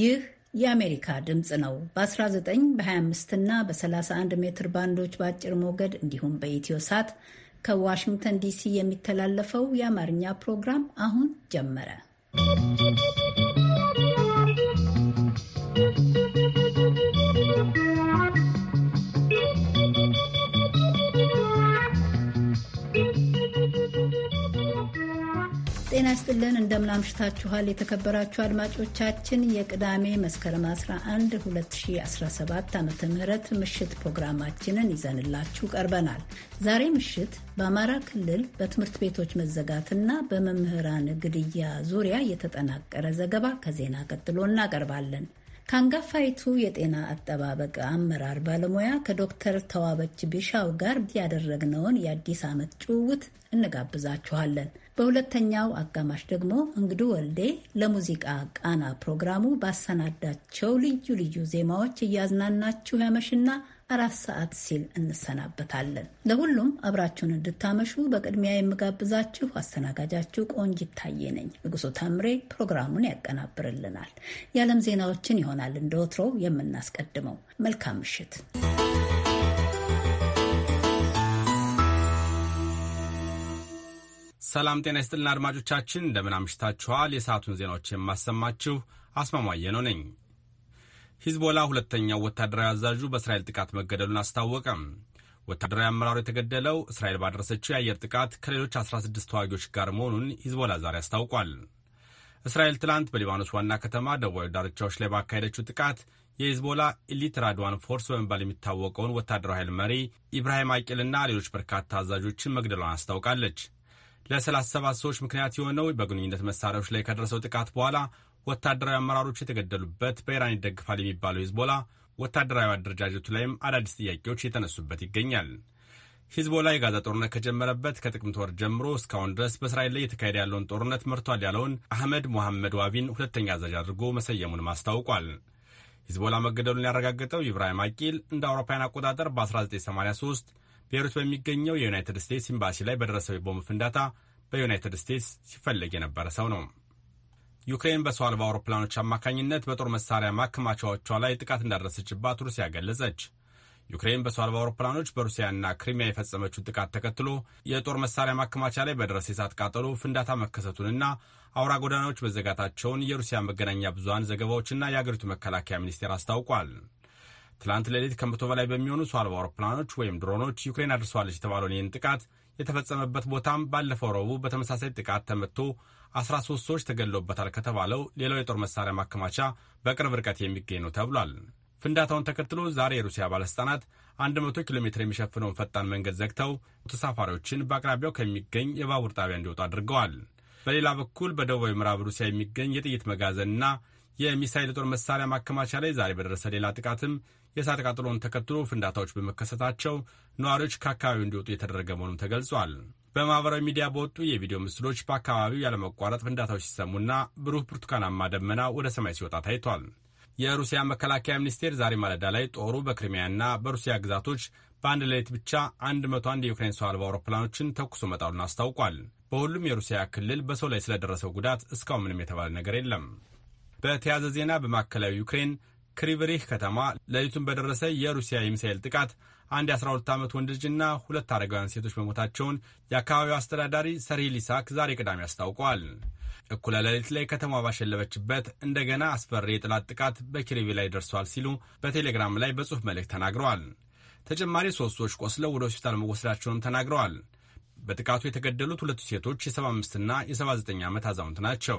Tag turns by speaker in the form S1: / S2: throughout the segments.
S1: ይህ የአሜሪካ ድምፅ ነው። በ19 በ25 እና በ31 ሜትር ባንዶች በአጭር ሞገድ እንዲሁም በኢትዮ ሳት ከዋሽንግተን ዲሲ የሚተላለፈው የአማርኛ ፕሮግራም አሁን ጀመረ። ይስጥልን እንደምናምሽታችኋል የተከበራችሁ አድማጮቻችን የቅዳሜ መስከረም 11 2017 ዓ ም ምሽት ፕሮግራማችንን ይዘንላችሁ ቀርበናል። ዛሬ ምሽት በአማራ ክልል በትምህርት ቤቶች መዘጋትና በመምህራን ግድያ ዙሪያ የተጠናቀረ ዘገባ ከዜና ቀጥሎ እናቀርባለን። ከአንጋፋይቱ የጤና አጠባበቅ አመራር ባለሙያ ከዶክተር ተዋበች ቢሻው ጋር ያደረግነውን የአዲስ ዓመት ጭውውት እንጋብዛችኋለን። በሁለተኛው አጋማሽ ደግሞ እንግዱ ወልዴ ለሙዚቃ ቃና ፕሮግራሙ ባሰናዳቸው ልዩ ልዩ ዜማዎች እያዝናናችሁ ያመሽና አራት ሰዓት ሲል እንሰናበታለን። ለሁሉም አብራችሁን እንድታመሹ በቅድሚያ የምጋብዛችሁ አስተናጋጃችሁ ቆንጅ ይታየ ነኝ። ንጉሱ ታምሬ ፕሮግራሙን ያቀናብርልናል። የዓለም ዜናዎችን ይሆናል እንደ ወትሮው የምናስቀድመው። መልካም ምሽት።
S2: ሰላም ጤና ይስጥልን አድማጮቻችን እንደምን አምሽታችኋል። የሰዓቱን ዜናዎች የማሰማችሁ አስማማየ ነው ነኝ። ሂዝቦላ ሁለተኛው ወታደራዊ አዛዡ በእስራኤል ጥቃት መገደሉን አስታወቀም። ወታደራዊ አመራሩ የተገደለው እስራኤል ባደረሰችው የአየር ጥቃት ከሌሎች 16 ተዋጊዎች ጋር መሆኑን ሂዝቦላ ዛሬ አስታውቋል። እስራኤል ትላንት በሊባኖስ ዋና ከተማ ደቡባዊ ዳርቻዎች ላይ ባካሄደችው ጥቃት የሂዝቦላ ኢሊት ራድዋን ፎርስ በመባል የሚታወቀውን ወታደራዊ ኃይል መሪ ኢብራሂም አቂልና ሌሎች በርካታ አዛዦችን መግደሏን አስታውቃለች። ለ37 ሰዎች ምክንያት የሆነው በግንኙነት መሳሪያዎች ላይ ከደረሰው ጥቃት በኋላ ወታደራዊ አመራሮች የተገደሉበት በኢራን ይደግፋል የሚባለው ሂዝቦላ ወታደራዊ አደረጃጀቱ ላይም አዳዲስ ጥያቄዎች የተነሱበት ይገኛል። ሂዝቦላ የጋዛ ጦርነት ከጀመረበት ከጥቅምት ወር ጀምሮ እስካሁን ድረስ በእስራኤል ላይ የተካሄደ ያለውን ጦርነት መርቷል ያለውን አህመድ ሞሐመድ ዋቢን ሁለተኛ አዛዥ አድርጎ መሰየሙንም አስታውቋል። ሂዝቦላ መገደሉን ያረጋገጠው ኢብራሂም አቂል እንደ አውሮፓውያን አቆጣጠር በ1983 ቤሩት በሚገኘው የዩናይትድ ስቴትስ ኤምባሲ ላይ በደረሰው የቦምብ ፍንዳታ በዩናይትድ ስቴትስ ሲፈለግ የነበረ ሰው ነው። ዩክሬን በሰው አልባ አውሮፕላኖች አማካኝነት በጦር መሳሪያ ማከማቻዎቿ ላይ ጥቃት እንዳደረሰችባት ሩሲያ ገለጸች። ዩክሬን በሰው አልባ አውሮፕላኖች በሩሲያና ክሪሚያ የፈጸመችውን ጥቃት ተከትሎ የጦር መሳሪያ ማከማቻ ላይ በደረሰ የእሳት ቃጠሎ ፍንዳታ መከሰቱንና አውራ ጎዳናዎች መዘጋታቸውን የሩሲያ መገናኛ ብዙሃን ዘገባዎችና የአገሪቱ መከላከያ ሚኒስቴር አስታውቋል። ትላንት ሌሊት ከመቶ በላይ በሚሆኑ ሰው አልባ አውሮፕላኖች ወይም ድሮኖች ዩክሬን አድርሷለች የተባለውን ይህን ጥቃት የተፈጸመበት ቦታም ባለፈው ረቡዕ በተመሳሳይ ጥቃት ተመቶ 13 ሰዎች ተገድለውበታል ከተባለው ሌላው የጦር መሳሪያ ማከማቻ በቅርብ ርቀት የሚገኝ ነው ተብሏል። ፍንዳታውን ተከትሎ ዛሬ የሩሲያ ባለሥልጣናት 100 ኪሎ ሜትር የሚሸፍነውን ፈጣን መንገድ ዘግተው ተሳፋሪዎችን በአቅራቢያው ከሚገኝ የባቡር ጣቢያ እንዲወጡ አድርገዋል። በሌላ በኩል በደቡባዊ ምዕራብ ሩሲያ የሚገኝ የጥይት መጋዘንና የሚሳይል የጦር መሳሪያ ማከማቻ ላይ ዛሬ በደረሰ ሌላ ጥቃትም የእሳት ቃጠሎን ተከትሎ ፍንዳታዎች በመከሰታቸው ነዋሪዎች ከአካባቢው እንዲወጡ የተደረገ መሆኑም ተገልጿል። በማኅበራዊ ሚዲያ በወጡ የቪዲዮ ምስሎች በአካባቢው ያለመቋረጥ ፍንዳታዎች ሲሰሙና ብሩህ ብርቱካናማ ደመና ወደ ሰማይ ሲወጣ ታይቷል። የሩሲያ መከላከያ ሚኒስቴር ዛሬ ማለዳ ላይ ጦሩ በክሪሚያና በሩሲያ ግዛቶች በአንድ ሌሊት ብቻ 101 የዩክሬን ሰው አልባ አውሮፕላኖችን ተኩሶ መጣሉን አስታውቋል። በሁሉም የሩሲያ ክልል በሰው ላይ ስለደረሰው ጉዳት እስካሁን ምንም የተባለ ነገር የለም። በተያያዘ ዜና በማዕከላዊ ዩክሬን ክሪቭሪህ ከተማ ሌሊቱን በደረሰ የሩሲያ የሚሳኤል ጥቃት አንድ የ12 ዓመት ወንድ ልጅና ሁለት አረጋውያን ሴቶች መሞታቸውን የአካባቢው አስተዳዳሪ ሰሪ ሊሳክ ዛሬ ቅዳሜ አስታውቋል። እኩለ ሌሊት ላይ ከተማ ባሸለበችበት እንደገና አስፈሪ የጥላት ጥቃት በኪሪቪ ላይ ደርሷል ሲሉ በቴሌግራም ላይ በጽሑፍ መልእክት ተናግረዋል። ተጨማሪ ሶስት ሰዎች ቆስለው ወደ ሆስፒታል መወሰዳቸውንም ተናግረዋል። በጥቃቱ የተገደሉት ሁለቱ ሴቶች የ75ና የ79 ዓመት አዛውንት ናቸው።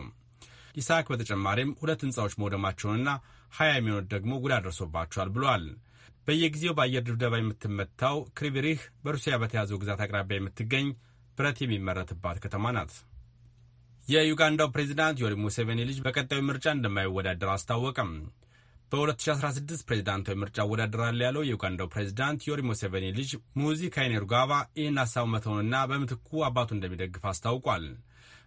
S2: ይስሐቅ በተጨማሪም ሁለት ህንፃዎች መውደማቸውንና ሀያ የሚሆኑት ደግሞ ጉዳት ደርሶባቸዋል ብሏል። በየጊዜው በአየር ድብደባ የምትመታው ክሪቪሪህ በሩሲያ በተያዘው ግዛት አቅራቢያ የምትገኝ ብረት የሚመረትባት ከተማ ናት። የዩጋንዳው ፕሬዚዳንት ዮሪ ሙሴቬኒ ልጅ በቀጣዩ ምርጫ እንደማይወዳደር አስታወቀም። በ2016 ፕሬዚዳንታዊ ምርጫ እወዳደራለሁ ያለው የዩጋንዳው ፕሬዚዳንት ዮሪ ሙሴቬኒ ልጅ ሙዚ ካይኔሩጋባ ይህን ሀሳብ መተውንና በምትኩ አባቱ እንደሚደግፍ አስታውቋል።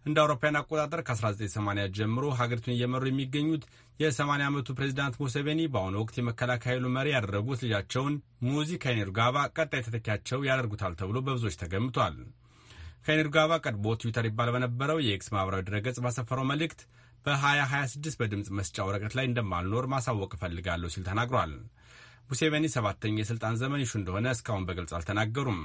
S2: እንደ አውሮፓውያን አቆጣጠር ከ1980 ጀምሮ ሀገሪቱን እየመሩ የሚገኙት የ80 ዓመቱ ፕሬዚዳንት ሙሴቬኒ በአሁኑ ወቅት የመከላከያ ኃይሉ መሪ ያደረጉት ልጃቸውን ሙዚ ካይኔርጋዋ ቀጣይ ተተኪያቸው ያደርጉታል ተብሎ በብዙዎች ተገምቷል። ካይኔርጋዋ ቀድሞ ትዊተር ይባል በነበረው የኤክስ ማኅበራዊ ድረገጽ ባሰፈረው መልእክት በ2026 በድምፅ መስጫ ወረቀት ላይ እንደማልኖር ማሳወቅ እፈልጋለሁ ሲል ተናግሯል። ሙሴቬኒ ሰባተኛ የሥልጣን ዘመን ይሹ እንደሆነ እስካሁን በግልጽ አልተናገሩም።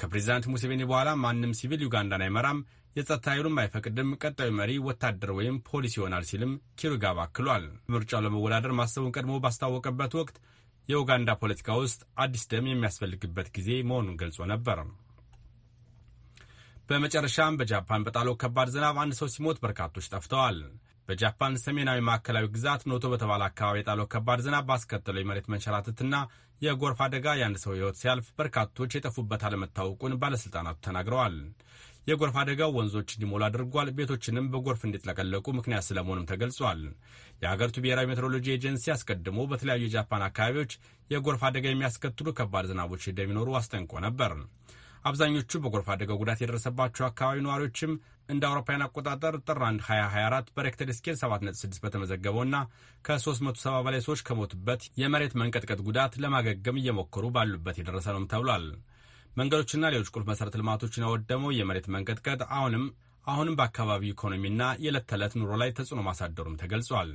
S2: ከፕሬዚዳንት ሙሴቬኒ በኋላ ማንም ሲቪል ዩጋንዳን አይመራም የጸጥታ ኃይሉም አይፈቅድም፣ ቀጣዩ መሪ ወታደር ወይም ፖሊስ ይሆናል ሲልም ኪሩጋብ አክሏል። ምርጫው ለመወዳደር ማሰቡን ቀድሞ ባስታወቀበት ወቅት የኡጋንዳ ፖለቲካ ውስጥ አዲስ ደም የሚያስፈልግበት ጊዜ መሆኑን ገልጾ ነበር። በመጨረሻም በጃፓን በጣለው ከባድ ዝናብ አንድ ሰው ሲሞት በርካቶች ጠፍተዋል። በጃፓን ሰሜናዊ ማዕከላዊ ግዛት ኖቶ በተባለ አካባቢ የጣለው ከባድ ዝናብ ባስከተለው የመሬት መንሸራተትና የጎርፍ አደጋ የአንድ ሰው ሕይወት ሲያልፍ በርካቶች የጠፉበት አለመታወቁን ባለሥልጣናቱ ተናግረዋል። የጎርፍ አደጋው ወንዞች እንዲሞሉ አድርጓል። ቤቶችንም በጎርፍ እንዲጥለቀለቁ ምክንያት ስለመሆኑም ተገልጿል። የሀገሪቱ ብሔራዊ ሜትሮሎጂ ኤጀንሲ አስቀድሞ በተለያዩ የጃፓን አካባቢዎች የጎርፍ አደጋ የሚያስከትሉ ከባድ ዝናቦች እንደሚኖሩ አስጠንቆ ነበር። አብዛኞቹ በጎርፍ አደጋው ጉዳት የደረሰባቸው አካባቢ ነዋሪዎችም እንደ አውሮፓውያን አቆጣጠር ጥር 1 2024 በሬክተር ስኬል 7.6 በተመዘገበውና ከ370 በላይ ሰዎች ከሞቱበት የመሬት መንቀጥቀጥ ጉዳት ለማገገም እየሞከሩ ባሉበት የደረሰ ነውም ተብሏል። መንገዶችና ሌሎች ቁልፍ መሠረተ ልማቶችን ያወደመው የመሬት መንቀጥቀጥ አሁንም አሁንም በአካባቢው ኢኮኖሚና የዕለት ተዕለት ኑሮ ላይ ተጽዕኖ ማሳደሩም ተገልጿል።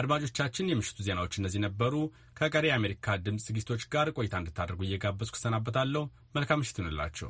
S2: አድማጮቻችን፣ የምሽቱ ዜናዎች እነዚህ ነበሩ። ከቀሪ የአሜሪካ ድምፅ ዝግጅቶች ጋር ቆይታ እንድታደርጉ እየጋበዝኩ እሰናበታለሁ። መልካም ምሽት ይሁንላችሁ።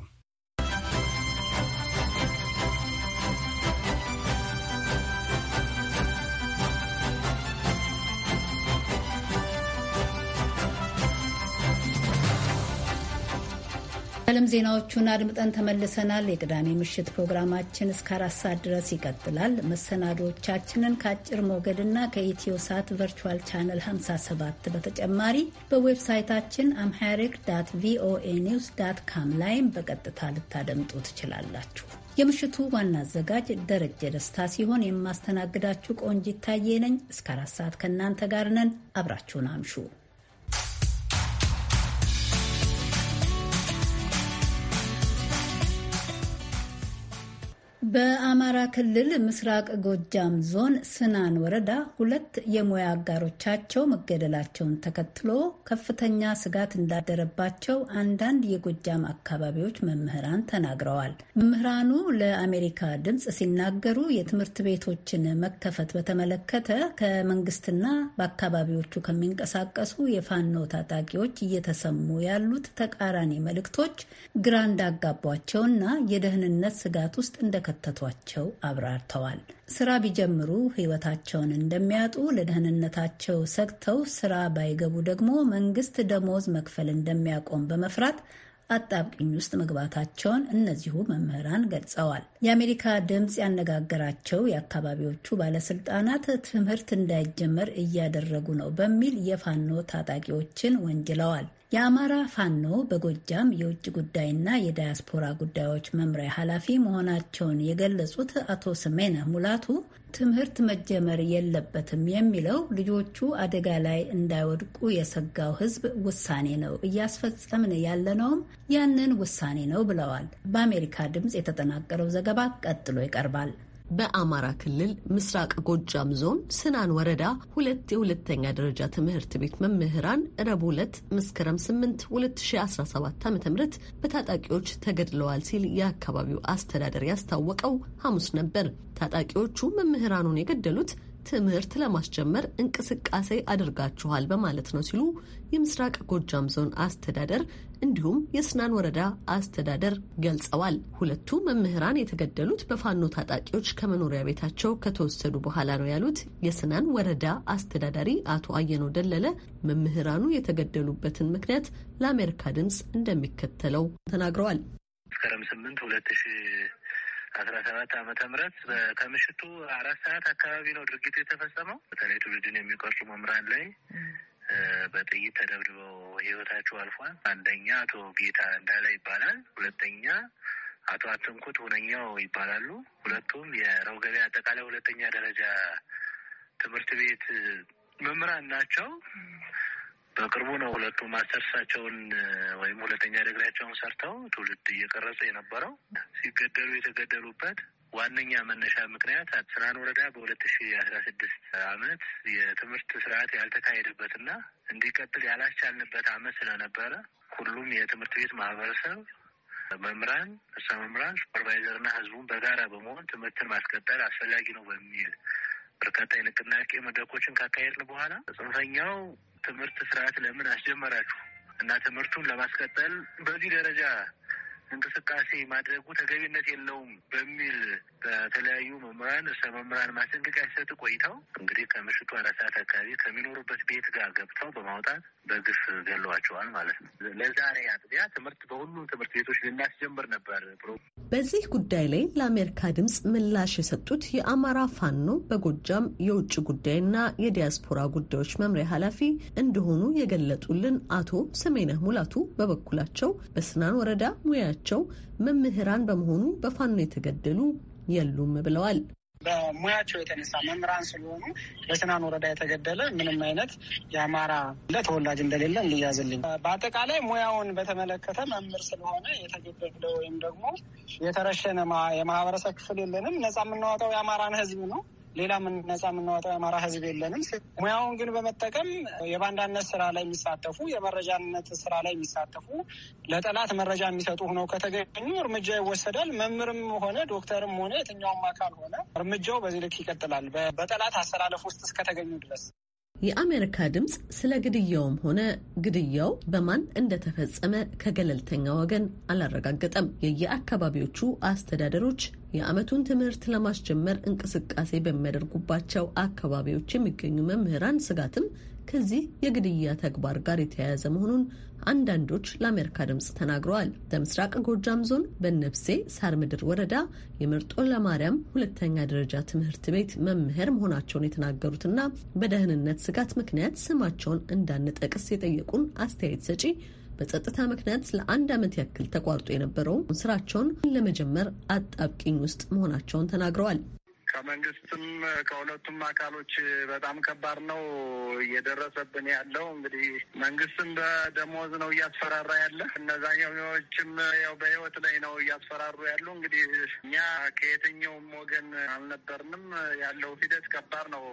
S1: የዓለም ዜናዎቹን አድምጠን ተመልሰናል። የቅዳሜ ምሽት ፕሮግራማችን እስከ አራት ሰዓት ድረስ ይቀጥላል። መሰናዶቻችንን ከአጭር ሞገድና ከኢትዮ ሳት ቨርቹዋል ቻነል 57 በተጨማሪ በዌብሳይታችን አምሐሪክ ዳት ቪኦኤ ኒውስ ዳት ካም ላይም በቀጥታ ልታደምጡ ትችላላችሁ። የምሽቱ ዋና አዘጋጅ ደረጀ ደስታ ሲሆን የማስተናግዳችሁ ቆንጂት ታዬ ነኝ። እስከ አራት ሰዓት ከእናንተ ጋር ነን። አብራችሁን አምሹ። በአማራ ክልል ምስራቅ ጎጃም ዞን ስናን ወረዳ ሁለት የሙያ አጋሮቻቸው መገደላቸውን ተከትሎ ከፍተኛ ስጋት እንዳደረባቸው አንዳንድ የጎጃም አካባቢዎች መምህራን ተናግረዋል። መምህራኑ ለአሜሪካ ድምፅ ሲናገሩ የትምህርት ቤቶችን መከፈት በተመለከተ ከመንግስትና በአካባቢዎቹ ከሚንቀሳቀሱ የፋኖ ታጣቂዎች እየተሰሙ ያሉት ተቃራኒ መልእክቶች ግራ እንዳጋቧቸውና የደህንነት ስጋት ውስጥ እንደከ እንዳላካተቷቸው አብራርተዋል። ስራ ቢጀምሩ ህይወታቸውን እንደሚያጡ፣ ለደህንነታቸው ሰግተው ስራ ባይገቡ ደግሞ መንግስት ደሞዝ መክፈል እንደሚያቆም በመፍራት አጣብቅኝ ውስጥ መግባታቸውን እነዚሁ መምህራን ገልጸዋል። የአሜሪካ ድምፅ ያነጋገራቸው የአካባቢዎቹ ባለስልጣናት ትምህርት እንዳይጀመር እያደረጉ ነው በሚል የፋኖ ታጣቂዎችን ወንጅለዋል። የአማራ ፋኖ በጎጃም የውጭ ጉዳይና የዳያስፖራ ጉዳዮች መምሪያ ኃላፊ መሆናቸውን የገለጹት አቶ ስሜነህ ሙላቱ ትምህርት መጀመር የለበትም የሚለው ልጆቹ አደጋ ላይ እንዳይወድቁ የሰጋው ሕዝብ ውሳኔ ነው፣ እያስፈጸምን ያለነውም ያንን ውሳኔ ነው ብለዋል። በአሜሪካ ድምፅ የተጠናቀረው ዘገባ ቀጥሎ ይቀርባል። በአማራ
S3: ክልል ምስራቅ ጎጃም ዞን ስናን ወረዳ ሁለት የሁለተኛ ደረጃ ትምህርት ቤት መምህራን ረቡዕ ዕለት መስከረም 8 2017 ዓ ም በታጣቂዎች ተገድለዋል ሲል የአካባቢው አስተዳደር ያስታወቀው ሐሙስ ነበር። ታጣቂዎቹ መምህራኑን የገደሉት ትምህርት ለማስጀመር እንቅስቃሴ አድርጋችኋል በማለት ነው ሲሉ የምስራቅ ጎጃም ዞን አስተዳደር እንዲሁም የስናን ወረዳ አስተዳደር ገልጸዋል። ሁለቱ መምህራን የተገደሉት በፋኖ ታጣቂዎች ከመኖሪያ ቤታቸው ከተወሰዱ በኋላ ነው ያሉት የስናን ወረዳ አስተዳዳሪ አቶ አየነው ደለለ መምህራኑ የተገደሉበትን ምክንያት ለአሜሪካ ድምፅ እንደሚከተለው ተናግረዋል።
S4: መስከረም ስምንት ሁለት ሺ አስራ ሰባት አመተ ምህረት ከምሽቱ አራት ሰዓት አካባቢ ነው ድርጊቱ የተፈጸመው። በተለይ ትውልድን የሚቀርጹ መምህራን ላይ በጥይት ተደብድበው ህይወታቸው አልፏል። አንደኛ አቶ ጌታ እንዳለ ይባላል። ሁለተኛ አቶ አትንኩት ሁነኛው ይባላሉ። ሁለቱም የረው ገበያ አጠቃላይ ሁለተኛ ደረጃ ትምህርት ቤት መምህራን ናቸው። በቅርቡ ነው ሁለቱ ማስተርሳቸውን ወይም ሁለተኛ ደግሪያቸውን ሰርተው ትውልድ እየቀረጹ የነበረው ሲገደሉ የተገደሉበት ዋነኛ መነሻ ምክንያት ስራን ወረዳ በሁለት ሺ አስራ ስድስት አመት የትምህርት ስርዓት ያልተካሄደበትና እንዲቀጥል ያላስቻልንበት አመት ስለነበረ ሁሉም የትምህርት ቤት ማህበረሰብ መምራን እርሰ መምህራን፣ ሱፐርቫይዘርና ህዝቡን በጋራ በመሆን ትምህርትን ማስቀጠል አስፈላጊ ነው በሚል በርካታ የንቅናቄ መድረኮችን ካካሄድን በኋላ ጽንፈኛው ትምህርት ስርዓት ለምን አስጀመራችሁ እና ትምህርቱን ለማስቀጠል በዚህ ደረጃ እንቅስቃሴ ማድረጉ ተገቢነት የለውም በሚል በተለያዩ መምህራን እሰ መምህራን ማስጠንቀቂያ ሲሰጥ ቆይተው እንግዲህ ከምሽቱ አራት ሰዓት አካባቢ ከሚኖሩበት ቤት ጋር ገብተው በማውጣት በግፍ ገለዋቸዋል ማለት ነው። ለዛሬ አጥቢያ ትምህርት በሁሉም ትምህርት ቤቶች ልናስጀምር ነበር።
S3: በዚህ ጉዳይ ላይ ለአሜሪካ ድምፅ ምላሽ የሰጡት የአማራ ፋኖ በጎጃም የውጭ ጉዳይና የዲያስፖራ ጉዳዮች መምሪያ ኃላፊ እንደሆኑ የገለጡልን አቶ ሰሜነህ ሙላቱ በበኩላቸው በስናን ወረዳ ሙያቸው ሙያቸው መምህራን በመሆኑ በፋኖ የተገደሉ የሉም ብለዋል።
S5: በሙያቸው የተነሳ መምህራን ስለሆኑ በስናን ወረዳ የተገደለ ምንም አይነት የአማራ ተወላጅ እንደሌለ እንያዝልኝ። በአጠቃላይ ሙያውን በተመለከተ መምህር ስለሆነ የተገደለ ወይም ደግሞ የተረሸነ የማህበረሰብ ክፍል የለንም። ነጻ የምናወጣው የአማራን ህዝብ ነው። ሌላ ነጻ የምናወጣው የአማራ ህዝብ የለንም። ሙያውን ግን በመጠቀም የባንዳነት ስራ ላይ የሚሳተፉ የመረጃነት ስራ ላይ የሚሳተፉ ለጠላት መረጃ የሚሰጡ ሆነው ከተገኙ እርምጃ ይወሰዳል። መምህርም ሆነ ዶክተርም ሆነ የትኛውም አካል ሆነ እርምጃው በዚህ ልክ ይቀጥላል፣ በጠላት አሰላለፍ ውስጥ እስከተገኙ ድረስ።
S3: የአሜሪካ ድምፅ ስለ ግድያውም ሆነ ግድያው በማን እንደተፈጸመ ከገለልተኛ ወገን አላረጋገጠም። የየአካባቢዎቹ አስተዳደሮች የዓመቱን ትምህርት ለማስጀመር እንቅስቃሴ በሚያደርጉባቸው አካባቢዎች የሚገኙ መምህራን ስጋትም ከዚህ የግድያ ተግባር ጋር የተያያዘ መሆኑን አንዳንዶች ለአሜሪካ ድምፅ ተናግረዋል። በምስራቅ ጎጃም ዞን በነብሴ ሳር ምድር ወረዳ የምርጦ ለማርያም ሁለተኛ ደረጃ ትምህርት ቤት መምህር መሆናቸውን የተናገሩትና በደህንነት ስጋት ምክንያት ስማቸውን እንዳንጠቅስ የጠየቁን አስተያየት ሰጪ በጸጥታ ምክንያት ለአንድ ዓመት ያክል ተቋርጦ የነበረው ስራቸውን ለመጀመር አጣብቂኝ ውስጥ መሆናቸውን ተናግረዋል። ከመንግስትም ከሁለቱም አካሎች
S6: በጣም ከባድ ነው እየደረሰብን ያለው። እንግዲህ መንግስትም በደሞዝ ነው እያስፈራራ ያለ፣ እነዛኛዎችም ያው በህይወት ላይ ነው እያስፈራሩ ያሉ። እንግዲህ እኛ ከየትኛውም ወገን አልነበርንም። ያለው ሂደት ከባድ ነው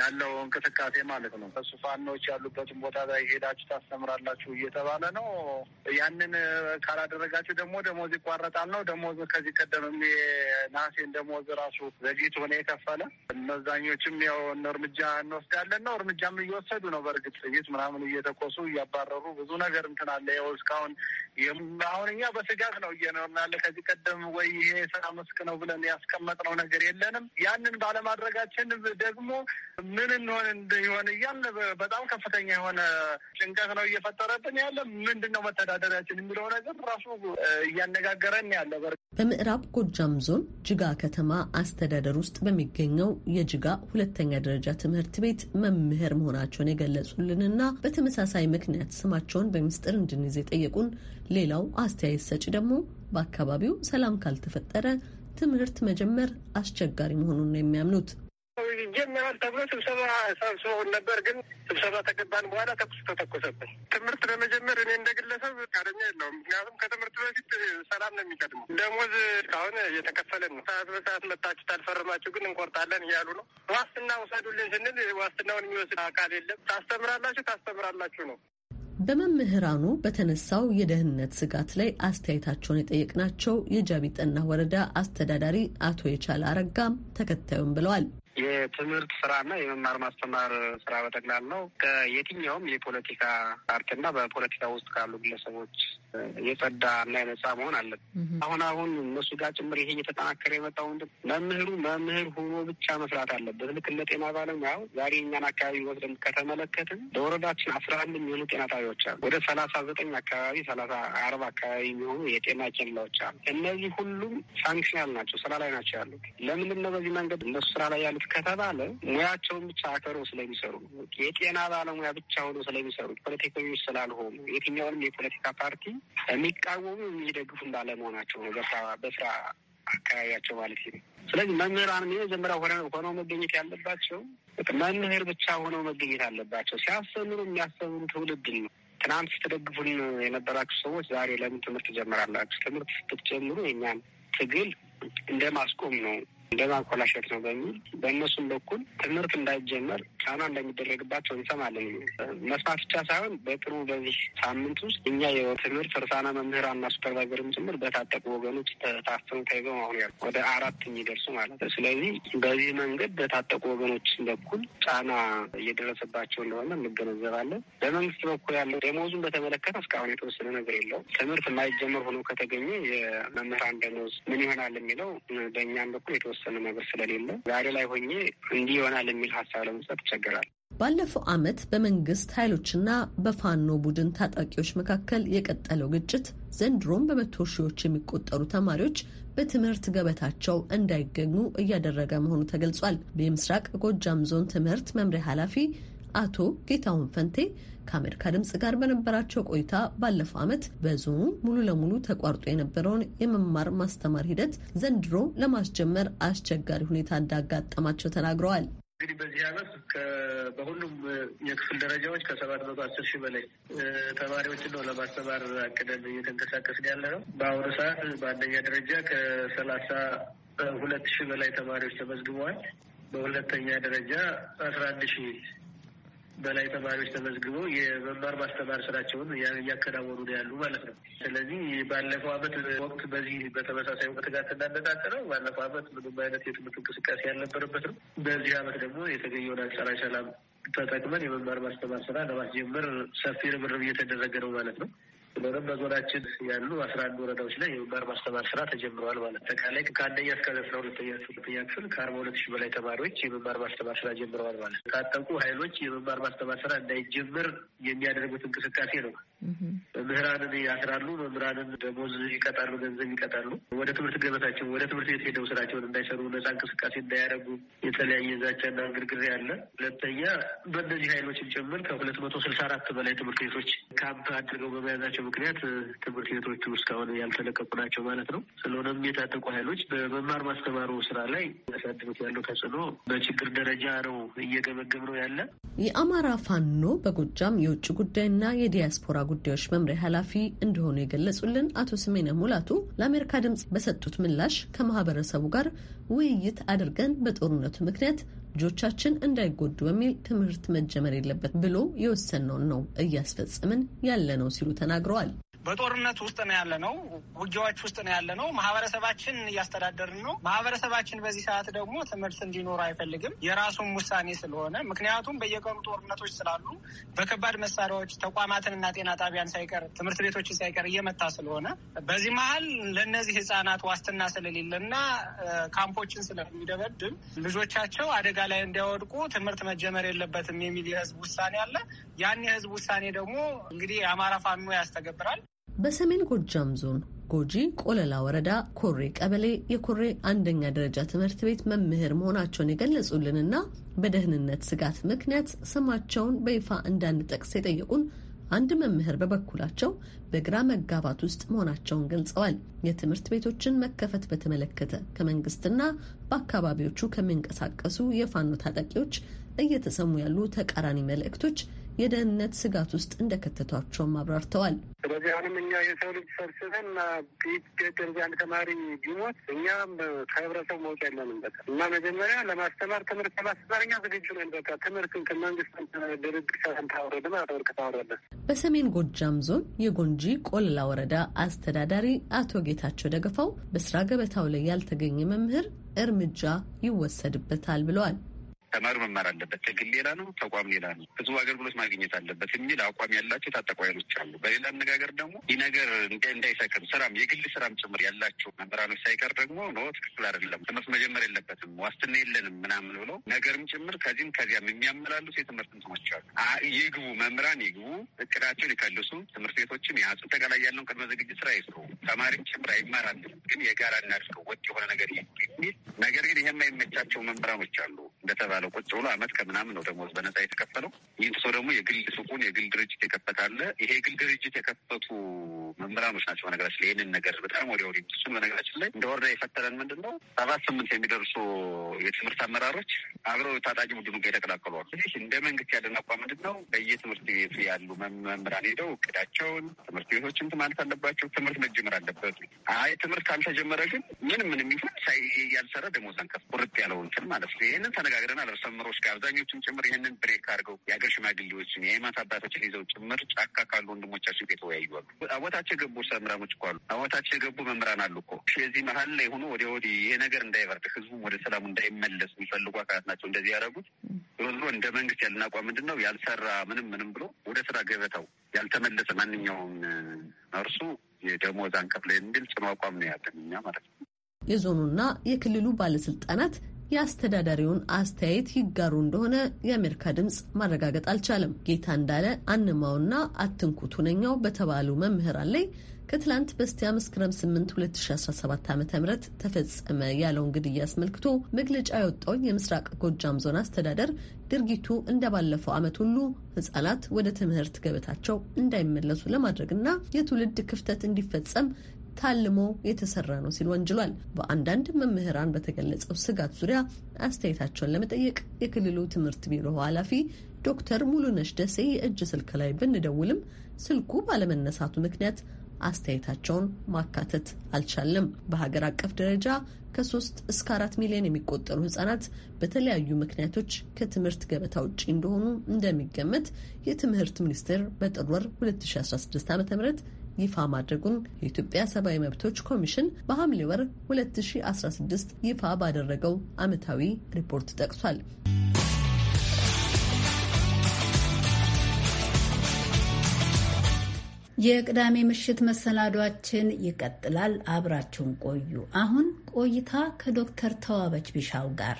S6: ያለው እንቅስቃሴ ማለት ነው። እሱ ፋኖች ያሉበትን ቦታ ላይ ሄዳችሁ ታስተምራላችሁ እየተባለ ነው። ያንን ካላደረጋችሁ ደግሞ ደሞዝ ይቋረጣል ነው። ደሞዝ ከዚህ ቀደምም የነሐሴን ደሞዝ ራሱ ዘግይ ጥቂት ሆነ የከፈለ እነዛኞችም ያው እነ እርምጃ እንወስዳለን ነው እርምጃም እየወሰዱ ነው። በእርግጥ ጥይት ምናምን እየተኮሱ እያባረሩ ብዙ ነገር እንትን አለ። ያው እስካሁን አሁን እኛ በስጋት ነው እየኖርናለ። ከዚህ ቀደም ወይ ይሄ ስራ መስክ ነው ብለን ያስቀመጥነው ነገር የለንም። ያንን ባለማድረጋችን ደግሞ ምን እንሆን እንደሆን እያልን በጣም ከፍተኛ የሆነ ጭንቀት ነው እየፈጠረብን ያለ። ምንድን ነው መተዳደሪያችን የሚለው ነገር ራሱ
S3: እያነጋገረን ያለ። በምዕራብ ጎጃም ዞን ጅጋ ከተማ አስተዳደሩ ውስጥ በሚገኘው የጅጋ ሁለተኛ ደረጃ ትምህርት ቤት መምህር መሆናቸውን የገለጹልንና በተመሳሳይ ምክንያት ስማቸውን በሚስጥር እንድንይዝ የጠየቁን ሌላው አስተያየት ሰጪ ደግሞ በአካባቢው ሰላም ካልተፈጠረ ትምህርት መጀመር አስቸጋሪ መሆኑን ነው የሚያምኑት።
S6: ይጀመራል ተብሎ ስብሰባ ሰብስበውን ነበር። ግን ስብሰባ ተገባን በኋላ ተኩስ ተተኮሰብን። ትምህርት ለመጀመር እኔ እንደ ግለሰብ ፈቃደኛ የለውም። ምክንያቱም ከትምህርት በፊት ሰላም ነው የሚቀድመው። ደሞዝ እስካሁን እየተከፈለን ነው። ሰዓት በሰዓት መታችሁ ታልፈረማችሁ ግን እንቆርጣለን እያሉ ነው። ዋስትና ውሰዱልን ስንል ዋስትናውን የሚወስድ አካል የለም። ታስተምራላችሁ ታስተምራላችሁ
S3: ነው። በመምህራኑ በተነሳው የደህንነት ስጋት ላይ አስተያየታቸውን የጠየቅናቸው የጃቢ ጠና ወረዳ አስተዳዳሪ አቶ የቻለ አረጋም ተከታዩም ብለዋል።
S7: የትምህርት ስራና የመማር ማስተማር ስራ በጠቅላላው ከየትኛውም የፖለቲካ ፓርቲና በፖለቲካ ውስጥ ካሉ ግለሰቦች የጸዳ እና የነጻ መሆን አለን። አሁን አሁን እነሱ ጋር ጭምር ይሄ እየተጠናከረ የመጣው ምንድን መምህሩ መምህር ሆኖ ብቻ መስራት አለበት። ልክ እንደ ጤና ባለሙያው ዛሬ እኛን አካባቢ ወስደን ከተመለከትን በወረዳችን አስራ አንድ የሚሆኑ ጤና ጣቢያዎች አሉ። ወደ ሰላሳ ዘጠኝ አካባቢ ሰላሳ አርባ አካባቢ የሚሆኑ የጤና ኬላዎች አሉ። እነዚህ ሁሉም ሳንክሽናል ናቸው፣ ስራ ላይ ናቸው ያሉት። ለምንድን ነው በዚህ መንገድ እነሱ ስራ ላይ ያሉት ከተባለ ሙያቸውን ብቻ አከሮ ስለሚሰሩ፣ የጤና ባለሙያ ብቻ ሆኖ ስለሚሰሩ፣ ፖለቲከኞች ስላልሆኑ፣ የትኛውንም የፖለቲካ ፓርቲ የሚቃወሙ የሚደግፉ እንዳለመሆናቸው ነው በስራ አካባቢያቸው ማለት ነው። ስለዚህ መምህራን የመጀመሪያ ሆነው መገኘት ያለባቸው መምህር ብቻ ሆነው መገኘት አለባቸው። ሲያስተምሩ የሚያስተምሩ ትውልድ ነው። ትናንት ስትደግፉን የነበራችሁ ሰዎች ዛሬ ለምን ትምህርት ጀምራላችሁ? ትምህርት ስትጀምሩ የኛን ትግል እንደ ማስቆም ነው በማኮላሸት ነው በሚል በእነሱም በኩል ትምህርት እንዳይጀመር ጫና እንደሚደረግባቸው እንሰማለን። መስማት ብቻ ሳይሆን በጥሩ በዚህ ሳምንት ውስጥ እኛ የትምህርት እርሳና መምህራንና ሱፐርቫይዘርም ጭምር በታጠቁ ወገኖች ታፍነው ተይዘው አሁን ያሉ ወደ አራት የሚደርሱ ማለት ነው። ስለዚህ በዚህ መንገድ በታጠቁ ወገኖች በኩል ጫና እየደረሰባቸው እንደሆነ እንገነዘባለን። በመንግስት በኩል ያለው ደሞዙን በተመለከተ እስካሁን የተወሰነ ነገር የለው። ትምህርት የማይጀመር ሆኖ ከተገኘ የመምህራን ደሞዝ ምን ይሆናል የሚለው በእኛም በኩል የተወሰነ የተወሰነ ነገር ስለሌለ ዛሬ ላይ ሆኜ እንዲህ ይሆናል የሚል ሀሳብ ለመስጠት ይቸገራል።
S3: ባለፈው ዓመት በመንግስት ኃይሎችና በፋኖ ቡድን ታጣቂዎች መካከል የቀጠለው ግጭት ዘንድሮም በመቶ ሺዎች የሚቆጠሩ ተማሪዎች በትምህርት ገበታቸው እንዳይገኙ እያደረገ መሆኑ ተገልጿል። የምስራቅ ጎጃም ዞን ትምህርት መምሪያ ኃላፊ አቶ ጌታሁን ፈንቴ ከአሜሪካ ድምጽ ጋር በነበራቸው ቆይታ ባለፈው ዓመት በዞኑ ሙሉ ለሙሉ ተቋርጦ የነበረውን የመማር ማስተማር ሂደት ዘንድሮ ለማስጀመር አስቸጋሪ ሁኔታ እንዳጋጠማቸው ተናግረዋል።
S8: እንግዲህ በዚህ ዓመት በሁሉም የክፍል ደረጃዎች ከሰባት መቶ አስር ሺህ በላይ ተማሪዎችን ነው ለማስተማር አቅደን እየተንቀሳቀስን ያለ ነው። በአሁኑ ሰዓት በአንደኛ ደረጃ ከሰላሳ ሁለት ሺህ በላይ ተማሪዎች ተመዝግበዋል። በሁለተኛ ደረጃ አስራ አንድ ሺህ በላይ ተማሪዎች ተመዝግበው የመማር ማስተማር ስራቸውን እያከናወኑ ነው ያሉ ማለት ነው። ስለዚህ ባለፈው አመት ወቅት በዚህ በተመሳሳይ ወቅት ጋር ስናነጣጥረው ባለፈው አመት ምንም አይነት የትምህርት እንቅስቃሴ ያልነበረበት ነው። በዚህ አመት ደግሞ የተገኘውን አንጻራዊ ሰላም ተጠቅመን የመማር ማስተማር ስራ ለማስጀመር ሰፊ ርብርብ እየተደረገ ነው ማለት ነው። ስለሆነም በዞናችን ያሉ አስራ አንድ ወረዳዎች ላይ የመማር ማስተማር ስራ ተጀምረዋል ማለት አጠቃላይ ከአንደኛ እስከ አስራ ሁለተኛ ክፍል ከአርባ ሁለት ሺህ በላይ ተማሪዎች የመማር ማስተማር ስራ ጀምረዋል ማለት ታጠቁ ኃይሎች የመማር ማስተማር ስራ እንዳይጀምር የሚያደርጉት እንቅስቃሴ ነው። መምህራንን ያስራሉ። መምህራንን ደሞዝ ይቀጣሉ፣ ገንዘብ ይቀጣሉ። ወደ ትምህርት ገበታቸው ወደ ትምህርት ቤት ሄደው ስራቸውን እንዳይሰሩ፣ ነጻ እንቅስቃሴ እንዳያደርጉ የተለያየ ዛቻና ግርግር ያለ። ሁለተኛ በእነዚህ ኃይሎችም ጭምር ከሁለት መቶ ስልሳ አራት በላይ ትምህርት ቤቶች ካምፕ አድርገው በመያዛቸው በመሆናቸው ምክንያት ትምህርት ቤቶቹ እስካሁን ያልተለቀቁ ናቸው ማለት ነው። ስለሆነም የታጠቁ ኃይሎች በመማር ማስተማሩ ስራ ላይ ያሳድሩት ያለው ተጽዕኖ በችግር ደረጃ ነው እየገመገም ነው ያለ
S3: የአማራ ፋኖ በጎጃም የውጭ ጉዳይና የዲያስፖራ ጉዳዮች መምሪያ ኃላፊ እንደሆኑ የገለጹልን አቶ ስሜነ ሙላቱ ለአሜሪካ ድምጽ በሰጡት ምላሽ ከማህበረሰቡ ጋር ውይይት አድርገን በጦርነቱ ምክንያት ልጆቻችን እንዳይጎዱ በሚል ትምህርት መጀመር የለበት ብሎ የወሰነውን ነው እያስፈጸምን ያለ ነው ሲሉ ተናግረዋል።
S5: በጦርነት ውስጥ ነው ያለ ነው። ውጊያዎች ውስጥ ነው ያለ ነው። ማህበረሰባችን እያስተዳደርን ነው። ማህበረሰባችን በዚህ ሰዓት ደግሞ ትምህርት እንዲኖር አይፈልግም። የራሱም ውሳኔ ስለሆነ ምክንያቱም በየቀኑ ጦርነቶች ስላሉ በከባድ መሳሪያዎች ተቋማትንና ጤና ጣቢያን ሳይቀር ትምህርት ቤቶችን ሳይቀር እየመታ ስለሆነ በዚህ መሀል ለእነዚህ ህጻናት ዋስትና ስለሌለና ካምፖችን ስለሚደበድም ልጆቻቸው አደጋ ላይ እንዲያወድቁ ትምህርት መጀመር የለበትም የሚል የህዝብ ውሳኔ አለ። ያን የህዝብ ውሳኔ ደግሞ እንግዲህ የአማራ ፋኖ ያስተገብራል።
S3: በሰሜን ጎጃም ዞን ጎጂ ቆለላ ወረዳ ኮሬ ቀበሌ የኮሬ አንደኛ ደረጃ ትምህርት ቤት መምህር መሆናቸውን የገለጹልንና በደህንነት ስጋት ምክንያት ስማቸውን በይፋ እንዳንጠቅስ የጠየቁን አንድ መምህር በበኩላቸው በግራ መጋባት ውስጥ መሆናቸውን ገልጸዋል። የትምህርት ቤቶችን መከፈት በተመለከተ ከመንግስትና በአካባቢዎቹ ከሚንቀሳቀሱ የፋኖ ታጣቂዎች እየተሰሙ ያሉ ተቃራኒ መልእክቶች የደህንነት ስጋት ውስጥ እንደከተቷቸውም አብራርተዋል።
S7: ስለዚህ አሁንም እኛ የሰው ልጅ ሰብስበን ቤት ደረጃ አንድ ተማሪ ቢሞት እኛም ከህብረተሰቡ መውጫ ያለንም በቃ እና መጀመሪያ ለማስተማር ትምህርት ለማስተማር እኛ ዝግጁ ነን። በቃ ትምህርትን ከመንግስት ድርግ ሰን ታወረድ አተወርክ ታወረለ
S3: በሰሜን ጎጃም ዞን የጎንጂ ቆልላ ወረዳ አስተዳዳሪ አቶ ጌታቸው ደገፋው በስራ ገበታው ላይ ያልተገኘ መምህር እርምጃ ይወሰድበታል ብለዋል። ተማሪ መማር አለበት፣
S9: ትግል ሌላ ነው፣ ተቋም ሌላ ነው፣ ህዝቡ አገልግሎት ማግኘት አለበት የሚል አቋም ያላቸው የታጠቁ ኃይሎች አሉ። በሌላ አነጋገር ደግሞ ይህ ነገር እንዳይሰክም ስራም የግል ስራም ጭምር ያላቸው መምህራኖች ሳይቀር ደግሞ ኖ ትክክል አይደለም፣ ትምህርት መጀመር የለበትም፣ ዋስትና የለንም ምናምን ብለው ነገርም ጭምር ከዚህም ከዚያም የሚያመላልሱ የትምህርት እንትኖች አሉ። ይግቡ መምህራን ይግቡ፣ እቅዳቸውን ይከልሱ፣ ትምህርት ቤቶችን ያጹ፣ ተቀላይ ያለውን ቅድመ ዝግጅት ስራ ይስሩ፣ ተማሪም ጭምር አይማራል፣ ግን የጋራ እናድርገው፣ ወጥ የሆነ ነገር የሚል ነገር ግን ይሄማ የማይመቻቸው መምህራኖች አሉ እንደተባለ የተባለው ቁጭ ብሎ አመት ከምናምን ነው ደሞዝ በነፃ የተከፈለው። ይህን ሰው ደግሞ የግል ሱቁን የግል ድርጅት የከፈታለ። ይሄ የግል ድርጅት የከፈቱ መምህራኖች ናቸው። በነገራችን ላይ ይህንን ነገር በጣም ወዲ ወዲህ እሱን በነገራችን ላይ እንደ ወረዳ የፈተለን ምንድን ነው ሰባት ስምንት የሚደርሱ የትምህርት አመራሮች አብረው ታጣቂ ቡድኑ ጋር የተቀላቀሏል። ስለዚህ እንደ መንግስት ያለን አቋም ምንድን ነው? በየትምህርት ቤቱ ያሉ መምህራን ሄደው እቅዳቸውን ትምህርት ቤቶች እንትን ማለት አለባቸው። ትምህርት መጀመር አለበት። አይ ትምህርት ካልተጀመረ ግን ምንም ምን የሚሆን ያልሰራ ደሞዝ አንከፍ ቁርጥ ያለውን እንትን ማለት ነው። ይህንን ተነጋግረናል። ማህበረሰብ መሮች ጋር አብዛኞቹን ጭምር ይህንን ብሬክ አድርገው የሀገር ሽማግሌዎችን የሃይማኖት አባቶችን ይዘው ጭምር ጫካ ካሉ ወንድሞቻችን የተወያዩ አሉ። አቦታቸው የገቡ መምህራኖች እኮ አሉ። አቦታቸው የገቡ መምህራን አሉ እኮ። የዚህ መሀል ላይ ሆኖ ወደ ወዲህ ይሄ ነገር እንዳይበርድ፣ ህዝቡም ወደ ሰላሙ እንዳይመለስ የሚፈልጉ አካላት ናቸው እንደዚህ ያደረጉት። ዞሮ ዞሮ እንደ መንግስት ያለን አቋም ምንድን ነው? ያልሰራ ምንም ምንም ብሎ ወደ ስራ ገበታው ያልተመለሰ ማንኛውም መርሱ የደሞዝ አንከፍልም የሚል ጽኑ አቋም ነው ያለን እኛ ማለት ነው።
S3: የዞኑና የክልሉ ባለስልጣናት የአስተዳዳሪውን አስተያየት ይጋሩ እንደሆነ የአሜሪካ ድምፅ ማረጋገጥ አልቻለም። ጌታ እንዳለ አንማውና አትንኩ ሁነኛው በተባሉ መምህራን ላይ ከትላንት በስቲያ መስከረም 8 2017 ዓ ም ተፈጸመ ያለውን ግድያ አስመልክቶ መግለጫ የወጣው የምስራቅ ጎጃም ዞን አስተዳደር ድርጊቱ እንደባለፈው ዓመት ሁሉ ህጻናት ወደ ትምህርት ገበታቸው እንዳይመለሱ ለማድረግና የትውልድ ክፍተት እንዲፈጸም ታልሞ የተሰራ ነው ሲል ወንጅሏል። በአንዳንድ መምህራን በተገለጸው ስጋት ዙሪያ አስተያየታቸውን ለመጠየቅ የክልሉ ትምህርት ቢሮ ኃላፊ ዶክተር ሙሉነሽ ደሴ የእጅ ስልክ ላይ ብንደውልም ስልኩ ባለመነሳቱ ምክንያት አስተያየታቸውን ማካተት አልቻለም። በሀገር አቀፍ ደረጃ ከሶስት እስከ አራት ሚሊዮን የሚቆጠሩ ህጻናት በተለያዩ ምክንያቶች ከትምህርት ገበታ ውጪ እንደሆኑ እንደሚገመት የትምህርት ሚኒስቴር በጥር ወር 2016 ዓ.ም ይፋ ማድረጉን የኢትዮጵያ ሰብአዊ መብቶች ኮሚሽን በሐምሌ ወር 2016 ይፋ ባደረገው ዓመታዊ ሪፖርት ጠቅሷል።
S1: የቅዳሜ ምሽት መሰናዷችን ይቀጥላል። አብራችሁን ቆዩ። አሁን ቆይታ ከዶክተር ተዋበች ቢሻው ጋር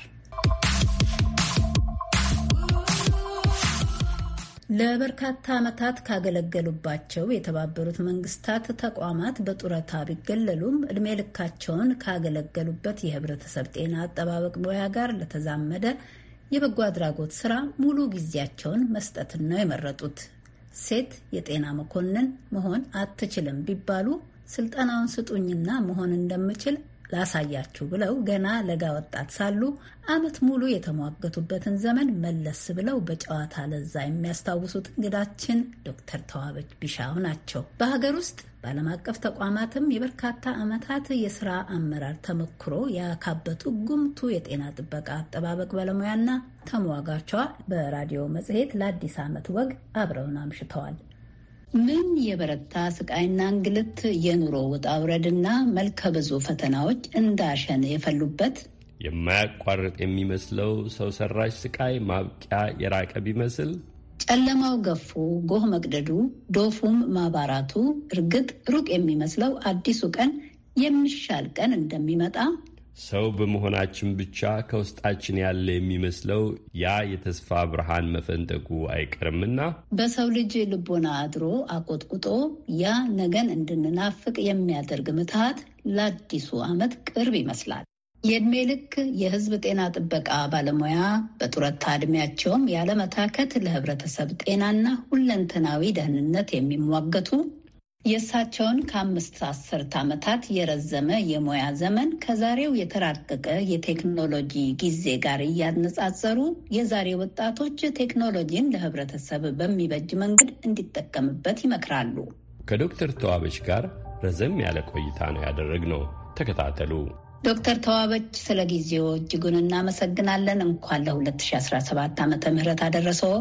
S1: ለበርካታ ዓመታት ካገለገሉባቸው የተባበሩት መንግስታት ተቋማት በጡረታ ቢገለሉም እድሜ ልካቸውን ካገለገሉበት የህብረተሰብ ጤና አጠባበቅ ሙያ ጋር ለተዛመደ የበጎ አድራጎት ስራ ሙሉ ጊዜያቸውን መስጠትን ነው የመረጡት። ሴት የጤና መኮንን መሆን አትችልም ቢባሉ ስልጠናውን ስጡኝና መሆን እንደምችል ላሳያችሁ ብለው ገና ለጋ ወጣት ሳሉ ዓመት ሙሉ የተሟገቱበትን ዘመን መለስ ብለው በጨዋታ ለዛ የሚያስታውሱት እንግዳችን ዶክተር ተዋበች ቢሻው ናቸው። በሀገር ውስጥ በዓለም አቀፍ ተቋማትም የበርካታ ዓመታት የስራ አመራር ተመክሮ ያካበቱ ጉምቱ የጤና ጥበቃ አጠባበቅ ባለሙያና ተሟጋቿ በራዲዮ መጽሔት ለአዲስ ዓመት ወግ አብረውን አምሽተዋል። ምን የበረታ ስቃይና እንግልት የኑሮ ውጣ ውረድና መልከ ብዙ ፈተናዎች እንዳሸን የፈሉበት
S10: የማያቋርጥ የሚመስለው ሰው ሰራሽ ስቃይ ማብቂያ የራቀ ቢመስል
S1: ጨለማው ገፎ ጎህ መቅደዱ ዶፉም ማባራቱ እርግጥ ሩቅ የሚመስለው አዲሱ ቀን የሚሻል ቀን እንደሚመጣ
S10: ሰው በመሆናችን ብቻ ከውስጣችን ያለ የሚመስለው ያ የተስፋ ብርሃን መፈንጠቁ አይቀርምና
S1: በሰው ልጅ ልቦና አድሮ አቆጥቁጦ ያ ነገን እንድንናፍቅ የሚያደርግ ምትሃት ለአዲሱ ዓመት ቅርብ ይመስላል። የእድሜ ልክ የሕዝብ ጤና ጥበቃ ባለሙያ በጡረታ ዕድሜያቸውም ያለመታከት ለሕብረተሰብ ጤናና ሁለንተናዊ ደህንነት የሚሟገቱ የእሳቸውን ከአምስት አስርት ዓመታት የረዘመ የሙያ ዘመን ከዛሬው የተራቀቀ የቴክኖሎጂ ጊዜ ጋር እያነጻጸሩ የዛሬ ወጣቶች ቴክኖሎጂን ለሕብረተሰብ በሚበጅ መንገድ እንዲጠቀምበት ይመክራሉ።
S10: ከዶክተር ተዋበች ጋር ረዘም ያለ ቆይታ ነው ያደረግነው። ተከታተሉ።
S1: ዶክተር ተዋበች ስለ ጊዜው እጅጉን እናመሰግናለን። እንኳን ለ2017 ዓ ምህረት አደረሰው።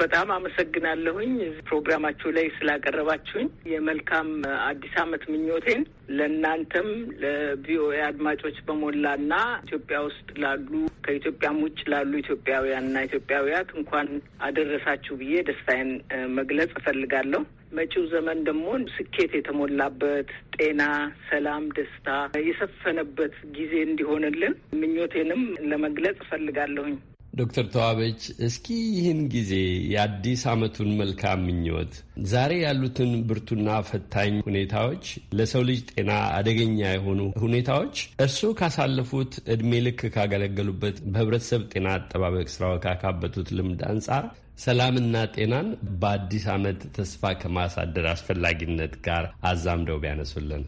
S10: በጣም አመሰግናለሁኝ
S11: ፕሮግራማችሁ ላይ ስላቀረባችሁኝ። የመልካም አዲስ አመት ምኞቴን ለእናንተም ለቪኦኤ አድማጮች በሞላና ኢትዮጵያ ውስጥ ላሉ ከኢትዮጵያም ውጭ ላሉ ኢትዮጵያውያንና ኢትዮጵያውያት እንኳን አደረሳችሁ ብዬ ደስታዬን መግለጽ እፈልጋለሁ። መጪው ዘመን ደግሞ ስኬት የተሞላበት ጤና፣ ሰላም፣ ደስታ የሰፈነበት ጊዜ እንዲሆንልን ምኞቴንም ለመግለጽ እፈልጋለሁኝ።
S10: ዶክተር ተዋበች እስኪ ይህን ጊዜ የአዲስ ዓመቱን መልካም ምኞት፣ ዛሬ ያሉትን ብርቱና ፈታኝ ሁኔታዎች፣ ለሰው ልጅ ጤና አደገኛ የሆኑ ሁኔታዎች እርስዎ ካሳለፉት እድሜ ልክ ካገለገሉበት በህብረተሰብ ጤና አጠባበቅ ስራ ካካበቱት ልምድ አንጻር ሰላምና ጤናን በአዲስ ዓመት ተስፋ ከማሳደር አስፈላጊነት ጋር አዛምደው ቢያነሱልን።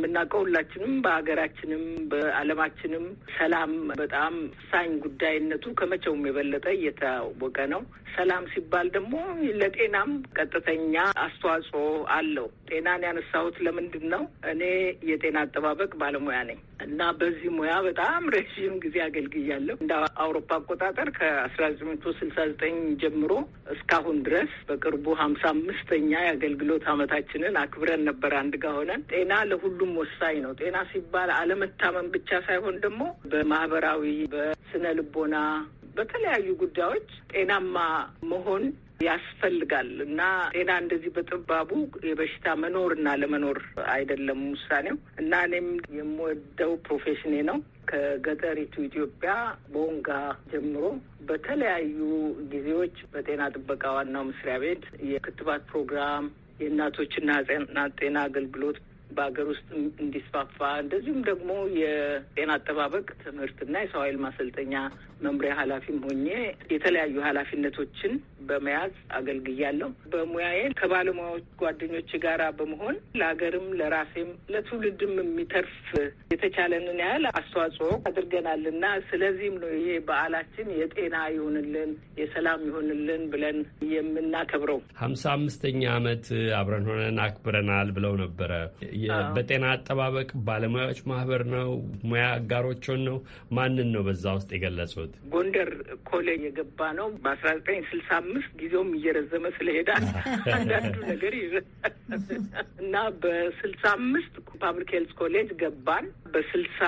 S11: የምናውቀው ሁላችንም በሀገራችንም በዓለማችንም ሰላም በጣም ሳኝ ጉዳይነቱ ከመቼውም የበለጠ እየታወቀ ነው። ሰላም ሲባል ደግሞ ለጤናም ቀጥተኛ አስተዋጽኦ አለው። ጤናን ያነሳሁት ለምንድን ነው? እኔ የጤና አጠባበቅ ባለሙያ ነኝ እና በዚህ ሙያ በጣም ረዥም ጊዜ አገልግያለሁ። እንደ አውሮፓ አቆጣጠር ከአስራ ዘጠኝ መቶ ስልሳ ዘጠኝ ጀምሮ እስካሁን ድረስ በቅርቡ ሀምሳ አምስተኛ የአገልግሎት አመታችንን አክብረን ነበር አንድ ጋ ሆነን ጤና ለሁሉም ሁሉም ወሳኝ ነው። ጤና ሲባል አለመታመም ብቻ ሳይሆን ደግሞ በማህበራዊ፣ በስነ ልቦና፣ በተለያዩ ጉዳዮች ጤናማ መሆን ያስፈልጋል እና ጤና እንደዚህ በጠባቡ የበሽታ መኖር እና ለመኖር አይደለም ውሳኔው እና እኔም የምወደው ፕሮፌሽኔ ነው። ከገጠሪቱ ኢትዮጵያ ቦንጋ ጀምሮ በተለያዩ ጊዜዎች በጤና ጥበቃ ዋናው መስሪያ ቤት የክትባት ፕሮግራም የእናቶችና ጤና አገልግሎት በሀገር ውስጥ እንዲስፋፋ እንደዚሁም ደግሞ የጤና አጠባበቅ ትምህርትና የሰው ኃይል ማሰልጠኛ መምሪያ ኃላፊም ሆኜ የተለያዩ ኃላፊነቶችን በመያዝ አገልግያለሁ። በሙያዬ ከባለሙያዎች ጓደኞች ጋር በመሆን ለሀገርም ለራሴም ለትውልድም የሚተርፍ የተቻለንን ያህል አስተዋጽኦ አድርገናል እና ስለዚህም ነው ይሄ በዓላችን የጤና ይሁንልን የሰላም ይሁንልን ብለን የምናከብረው።
S10: ሀምሳ አምስተኛ ዓመት አብረን ሆነን አክብረናል ብለው ነበረ በጤና አጠባበቅ ባለሙያዎች ማህበር ነው? ሙያ አጋሮችን ነው? ማንን ነው በዛ ውስጥ የገለጹት?
S11: ጎንደር ኮሌጅ የገባ ነው በአስራ ዘጠኝ ስልሳ አምስት ጊዜውም እየረዘመ ስለሄዳ አንዳንዱ ነገር እና በስልሳ አምስት ፓብሊክ ሄልት ኮሌጅ ገባን። በስልሳ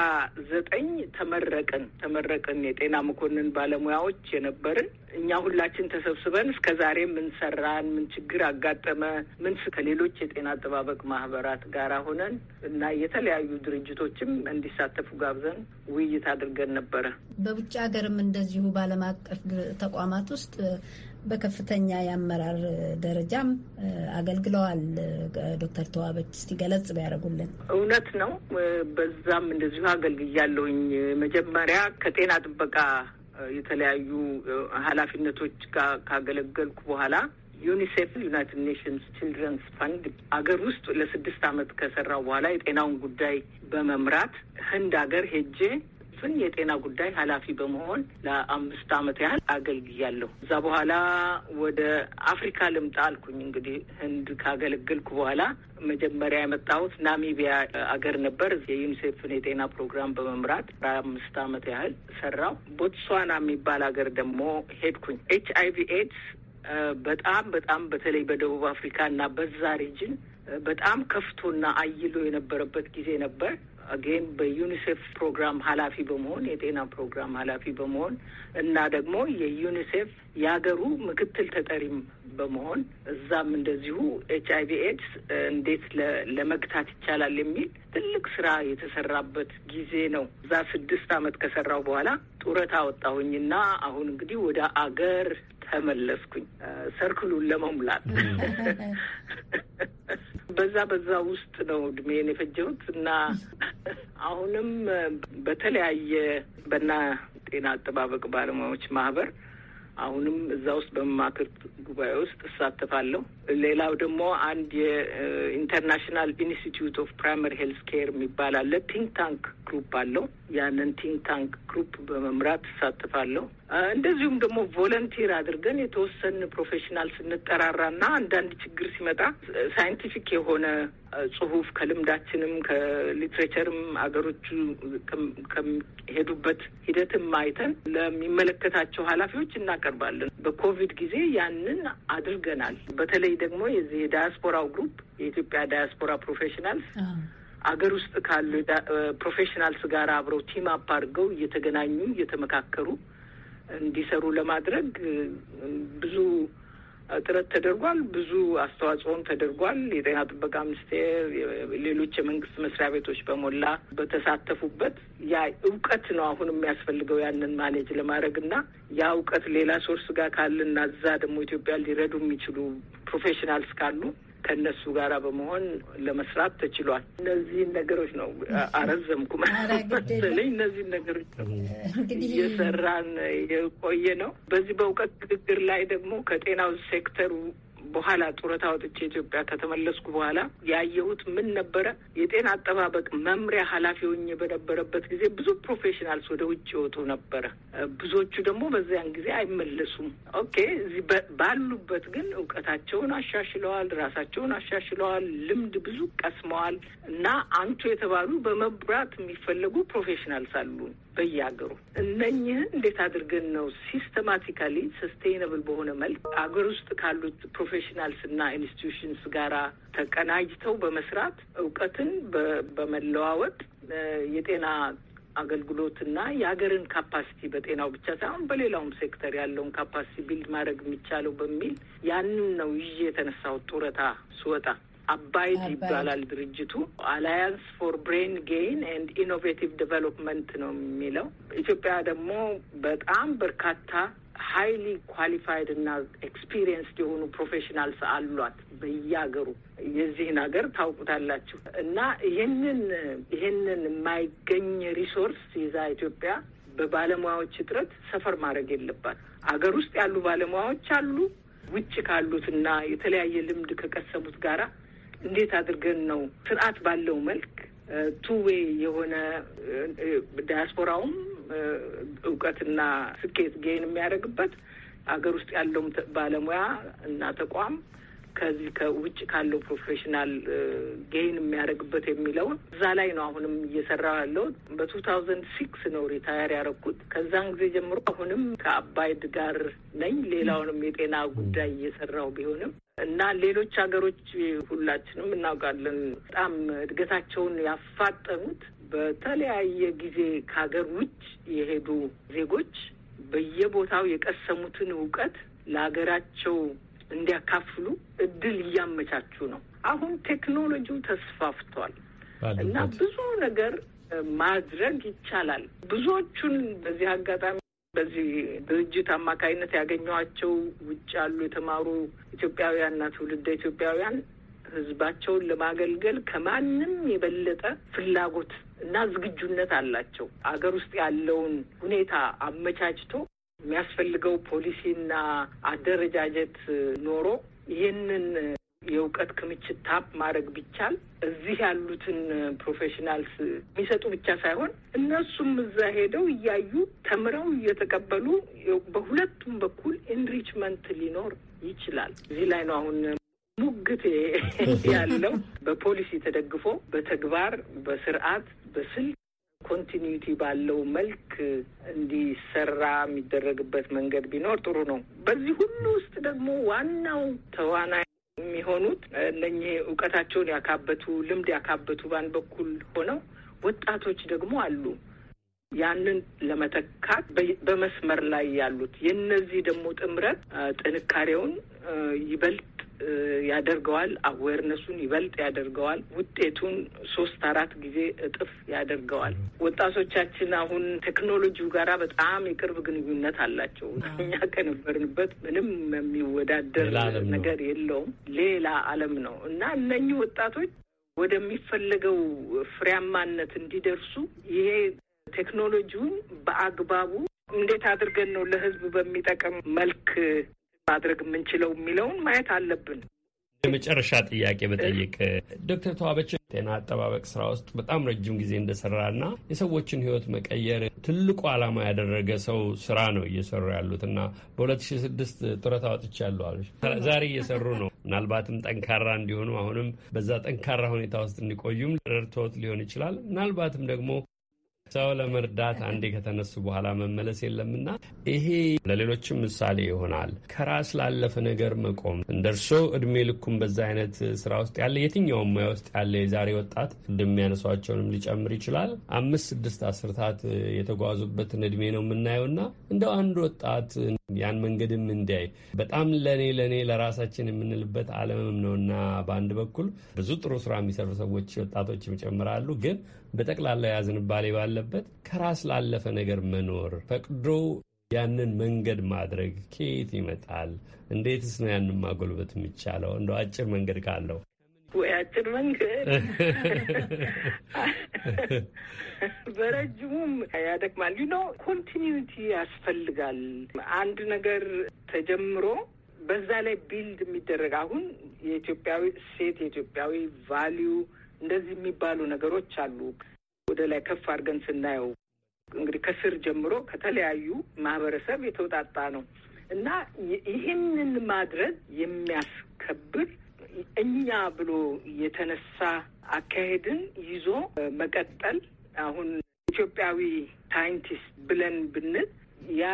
S11: ዘጠኝ ተመረቅን ተመረቅን የጤና መኮንን ባለሙያዎች የነበርን እኛ ሁላችን ተሰብስበን እስከ ዛሬ ምን ሰራን፣ ምን ችግር አጋጠመ፣ ምን ከሌሎች የጤና አጠባበቅ ማህበራት ጋር ሆነን እና የተለያዩ ድርጅቶችም እንዲሳተፉ ጋብዘን ውይይት አድርገን ነበረ።
S1: በውጭ ሀገርም እንደዚሁ በዓለም አቀፍ ተቋማት ውስጥ በከፍተኛ የአመራር ደረጃም አገልግለዋል። ዶክተር ተዋበች እስቲ ገለጽ ቢያደርጉልን።
S11: እውነት ነው። በዛም እንደዚሁ አገልግያለሁኝ። መጀመሪያ ከጤና ጥበቃ የተለያዩ ኃላፊነቶች ካገለገልኩ በኋላ ዩኒሴፍ ዩናይትድ ኔሽንስ ችልድረንስ ፈንድ አገር ውስጥ ለስድስት አመት ከሰራው በኋላ የጤናውን ጉዳይ በመምራት ህንድ አገር ሄጄ መስፍን የጤና ጉዳይ ኃላፊ በመሆን ለአምስት ዓመት ያህል አገልግያለሁ። እዛ በኋላ ወደ አፍሪካ ልምጣ አልኩኝ። እንግዲህ ህንድ ካገለገልኩ በኋላ መጀመሪያ የመጣሁት ናሚቢያ አገር ነበር። የዩኒሴፍን የጤና ፕሮግራም በመምራት አምስት ዓመት ያህል ሰራው። ቦትስዋና የሚባል ሀገር ደግሞ ሄድኩኝ። ኤች አይ ቪ ኤድስ በጣም በጣም በተለይ በደቡብ አፍሪካ እና በዛ ሪጅን በጣም ከፍቶና አይሎ የነበረበት ጊዜ ነበር። አጌን በዩኒሴፍ ፕሮግራም ኃላፊ በመሆን የጤና ፕሮግራም ኃላፊ በመሆን እና ደግሞ የዩኒሴፍ የሀገሩ ምክትል ተጠሪም በመሆን እዛም እንደዚሁ ኤች አይቪ ኤድስ እንዴት ለመግታት ይቻላል የሚል ትልቅ ስራ የተሰራበት ጊዜ ነው። እዛ ስድስት አመት ከሰራው በኋላ ጡረታ ወጣሁኝና አሁን እንግዲህ ወደ አገር ተመለስኩኝ ሰርክሉን ለመሙላት። በዛ በዛ ውስጥ ነው እድሜን የፈጀሁት እና አሁንም በተለያየ በና ጤና አጠባበቅ ባለሙያዎች ማህበር አሁንም እዛ ውስጥ በመማክር ጉባኤ ውስጥ እሳተፋለሁ። ሌላው ደግሞ አንድ የኢንተርናሽናል ኢንስቲትዩት ኦፍ ፕራይመሪ ሄልስ ኬር የሚባል አለ ቲንክ ታንክ ግሩፕ አለው። ያንን ቲንክ ታንክ ግሩፕ በመምራት እሳተፋለሁ። እንደዚሁም ደግሞ ቮለንቲር አድርገን የተወሰን ፕሮፌሽናል ስንጠራራ አንዳንድ ችግር ሲመጣ ሳይንቲፊክ የሆነ ጽሁፍ ከልምዳችንም ከሊትሬቸርም አገሮቹ ከሄዱበት ሂደትም አይተን ለሚመለከታቸው ኃላፊዎች እናቀርባለን። በኮቪድ ጊዜ ያንን አድርገናል። በተለይ ደግሞ የዚህ የዳያስፖራው ግሩፕ የኢትዮጵያ ዳያስፖራ ፕሮፌሽናልስ አገር ውስጥ ካሉ ፕሮፌሽናልስ ጋር አብረው ቲም አፕ አድርገው እየተገናኙ እየተመካከሩ እንዲሰሩ ለማድረግ ብዙ ጥረት ተደርጓል። ብዙ አስተዋጽኦም ተደርጓል። የጤና ጥበቃ ሚኒስቴር፣ ሌሎች የመንግስት መስሪያ ቤቶች በሞላ በተሳተፉበት ያ እውቀት ነው አሁን የሚያስፈልገው ያንን ማኔጅ ለማድረግ እና ያ እውቀት ሌላ ሶርስ ጋር ካለና እዛ ደግሞ ኢትዮጵያ ሊረዱ የሚችሉ ፕሮፌሽናልስ ካሉ ከእነሱ ጋር በመሆን ለመስራት ተችሏል። እነዚህን ነገሮች ነው አረዘምኩ መሰለኝ። እነዚህን ነገሮች ነው እየሰራን የቆየ ነው። በዚህ በእውቀት ግግር ላይ ደግሞ ከጤናው ሴክተሩ በኋላ ጡረታ ወጥቼ ኢትዮጵያ ከተመለስኩ በኋላ ያየሁት ምን ነበረ? የጤና አጠባበቅ መምሪያ ኃላፊ ሆኜ በነበረበት ጊዜ ብዙ ፕሮፌሽናልስ ወደ ውጭ ይወጡ ነበረ። ብዙዎቹ ደግሞ በዚያን ጊዜ አይመለሱም። ኦኬ፣ እዚህ ባሉበት ግን እውቀታቸውን አሻሽለዋል፣ ራሳቸውን አሻሽለዋል፣ ልምድ ብዙ ቀስመዋል እና አንቱ የተባሉ በመብራት የሚፈለጉ ፕሮፌሽናልስ አሉ። በየሀገሩ እነኝህን እንዴት አድርገን ነው ሲስተማቲካሊ ሰስቴይነብል በሆነ መልክ አገር ውስጥ ካሉት ፕሮፌሽናልስ እና ኢንስቲትዩሽንስ ጋራ ተቀናጅተው በመስራት እውቀትን በመለዋወጥ የጤና አገልግሎትና የሀገርን ካፓሲቲ በጤናው ብቻ ሳይሆን በሌላውም ሴክተር ያለውን ካፓሲቲ ቢልድ ማድረግ የሚቻለው በሚል ያንን ነው ይዤ የተነሳሁት ጡረታ ስወጣ አባይድ ይባላል ድርጅቱ። አላያንስ ፎር ብሬን ጌይን ኤንድ ኢኖቬቲቭ ዴቨሎፕመንት ነው የሚለው። ኢትዮጵያ ደግሞ በጣም በርካታ ሀይሊ ኳሊፋይድ እና ኤክስፒሪየንስድ የሆኑ ፕሮፌሽናልስ አሏት በየሀገሩ። የዚህን ሀገር ታውቁታላችሁ። እና ይህንን ይህንን የማይገኝ ሪሶርስ ይዛ ኢትዮጵያ በባለሙያዎች እጥረት ሰፈር ማድረግ የለባት። አገር ውስጥ ያሉ ባለሙያዎች አሉ። ውጭ ካሉትና የተለያየ ልምድ ከቀሰሙት ጋራ እንዴት አድርገን ነው ስርዓት ባለው መልክ ቱዌ የሆነ ዲያስፖራውም እውቀትና ስኬት ጌን የሚያደርግበት አገር ውስጥ ያለውም ባለሙያ እና ተቋም ከዚህ ከውጭ ካለው ፕሮፌሽናል ጌን የሚያደርግበት የሚለውን እዛ ላይ ነው አሁንም እየሰራ ያለው። በቱ ታውዘንድ ሲክስ ነው ሪታየር ያደረኩት። ከዛን ጊዜ ጀምሮ አሁንም ከአባይድ ጋር ነኝ። ሌላውንም የጤና ጉዳይ እየሰራው ቢሆንም እና ሌሎች ሀገሮች ሁላችንም እናውቃለን በጣም እድገታቸውን ያፋጠኑት በተለያየ ጊዜ ከሀገር ውጭ የሄዱ ዜጎች በየቦታው የቀሰሙትን እውቀት ለሀገራቸው እንዲያካፍሉ እድል እያመቻቹ ነው። አሁን ቴክኖሎጂው ተስፋፍቷል እና ብዙ ነገር ማድረግ ይቻላል። ብዙዎቹን በዚህ አጋጣሚ በዚህ ድርጅት አማካይነት ያገኘኋቸው ውጭ ያሉ የተማሩ ኢትዮጵያውያንና ትውልደ ኢትዮጵያውያን ህዝባቸውን ለማገልገል ከማንም የበለጠ ፍላጎት እና ዝግጁነት አላቸው። አገር ውስጥ ያለውን ሁኔታ አመቻችቶ የሚያስፈልገው ፖሊሲና አደረጃጀት ኖሮ ይህንን የእውቀት ክምችት ታፕ ማድረግ ቢቻል እዚህ ያሉትን ፕሮፌሽናልስ የሚሰጡ ብቻ ሳይሆን እነሱም እዛ ሄደው እያዩ ተምረው እየተቀበሉ በሁለቱም በኩል ኢንሪችመንት ሊኖር ይችላል። እዚህ ላይ ነው አሁን ሙግት ያለው በፖሊሲ ተደግፎ በተግባር በስርዓት በስልክ ኮንቲኒዩቲ ባለው መልክ እንዲሰራ የሚደረግበት መንገድ ቢኖር ጥሩ ነው። በዚህ ሁሉ ውስጥ ደግሞ ዋናው ተዋናይ የሚሆኑት እነኚህ እውቀታቸውን ያካበቱ ልምድ ያካበቱ ባንድ በኩል ሆነው ወጣቶች ደግሞ አሉ። ያንን ለመተካት በመስመር ላይ ያሉት የነዚህ ደግሞ ጥምረት ጥንካሬውን ይበልጥ ያደርገዋል። አዌርነሱን ይበልጥ ያደርገዋል። ውጤቱን ሶስት አራት ጊዜ እጥፍ ያደርገዋል። ወጣቶቻችን አሁን ቴክኖሎጂው ጋራ በጣም የቅርብ ግንኙነት አላቸው። እኛ ከነበርንበት ምንም የሚወዳደር ነገር የለውም። ሌላ ዓለም ነው እና እነኚህ ወጣቶች ወደሚፈለገው ፍሬያማነት እንዲደርሱ ይሄ ቴክኖሎጂውን በአግባቡ እንዴት አድርገን ነው ለህዝብ በሚጠቅም መልክ ማድረግ የምንችለው የሚለውን ማየት አለብን።
S10: የመጨረሻ ጥያቄ በጠይቅ ዶክተር ተዋበች ጤና አጠባበቅ ስራ ውስጥ በጣም ረጅም ጊዜ እንደሰራ የሰዎችን ህይወት መቀየር ትልቁ ዓላማ ያደረገ ሰው ስራ ነው እየሰሩ ያሉት እና በ2006 ጡረታ ወጥቻለሁ አሉ። ዛሬ እየሰሩ ነው። ምናልባትም ጠንካራ እንዲሆኑ አሁንም በዛ ጠንካራ ሁኔታ ውስጥ እንዲቆዩም ረድቶት ሊሆን ይችላል። ምናልባትም ደግሞ ሰው ለመርዳት አንዴ ከተነሱ በኋላ መመለስ የለምና ይሄ ለሌሎችም ምሳሌ ይሆናል። ከራስ ላለፈ ነገር መቆም እንደ እርሶ እድሜ ልኩም በዛ አይነት ስራ ውስጥ ያለ የትኛውም ሙያ ውስጥ ያለ የዛሬ ወጣት ያነሷቸውንም ሊጨምር ይችላል። አምስት ስድስት አስርታት የተጓዙበትን እድሜ ነው የምናየውና እንደው አንድ ወጣት ያን መንገድም እንዲያይ በጣም ለእኔ ለእኔ ለራሳችን የምንልበት ነው ነውና በአንድ በኩል ብዙ ጥሩ ስራ የሚሰሩ ሰዎች ወጣቶች ይጨምራሉ። ግን በጠቅላላ የያዝንባሌ ባለ ያለበት ከራስ ላለፈ ነገር መኖር ፈቅዶ ያንን መንገድ ማድረግ ከየት ይመጣል? እንዴትስ ነው ያንን ማጎልበት የሚቻለው? እንደ አጭር መንገድ ካለው
S11: ወይ አጭር መንገድ በረጅሙም ያደክማል። ዩ ነው ኮንቲኒዩቲ ያስፈልጋል። አንድ ነገር ተጀምሮ በዛ ላይ ቢልድ የሚደረግ አሁን የኢትዮጵያዊ ሴት የኢትዮጵያዊ ቫሊዩ እንደዚህ የሚባሉ ነገሮች አሉ። ወደ ላይ ከፍ አድርገን ስናየው እንግዲህ ከስር ጀምሮ ከተለያዩ ማህበረሰብ የተውጣጣ ነው እና ይህንን ማድረግ የሚያስከብር እኛ ብሎ የተነሳ አካሄድን ይዞ መቀጠል አሁን ኢትዮጵያዊ ሳይንቲስት ብለን ብንል ያ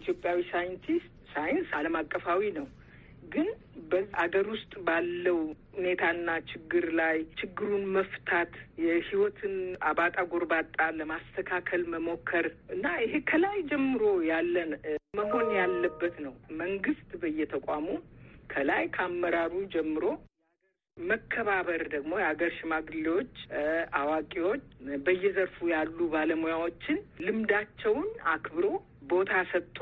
S11: ኢትዮጵያዊ ሳይንቲስት ሳይንስ ዓለም አቀፋዊ ነው። ግን በአገር ውስጥ ባለው ሁኔታና ችግር ላይ ችግሩን መፍታት የህይወትን አባጣ ጎርባጣ ለማስተካከል መሞከር እና ይሄ ከላይ ጀምሮ ያለን መሆን ያለበት ነው። መንግስት በየተቋሙ ከላይ ከአመራሩ ጀምሮ መከባበር ደግሞ የሀገር ሽማግሌዎች፣ አዋቂዎች፣ በየዘርፉ ያሉ ባለሙያዎችን ልምዳቸውን አክብሮ ቦታ ሰጥቶ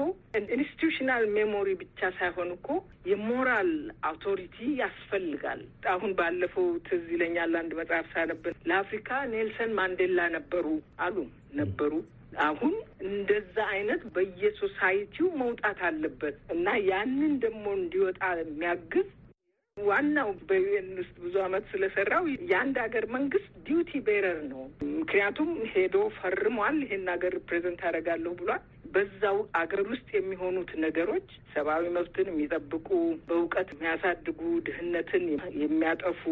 S11: ኢንስቲቱሽናል ሜሞሪ ብቻ ሳይሆን እኮ የሞራል አውቶሪቲ ያስፈልጋል። አሁን ባለፈው ትዝ ይለኛል አንድ መጽሐፍ ሳነብ ለአፍሪካ ኔልሰን ማንዴላ ነበሩ አሉ ነበሩ። አሁን እንደዛ አይነት በየሶሳይቲው መውጣት አለበት እና ያንን ደግሞ እንዲወጣ የሚያግዝ ዋናው በዩኤን ውስጥ ብዙ አመት ስለሰራው የአንድ ሀገር መንግስት ዲዩቲ ቤረር ነው። ምክንያቱም ሄዶ ፈርሟል፣ ይሄን ሀገር ፕሬዘንት አደርጋለሁ ብሏል። በዛው አገር ውስጥ የሚሆኑት ነገሮች ሰብአዊ መብትን የሚጠብቁ፣ በእውቀት የሚያሳድጉ፣ ድህነትን የሚያጠፉ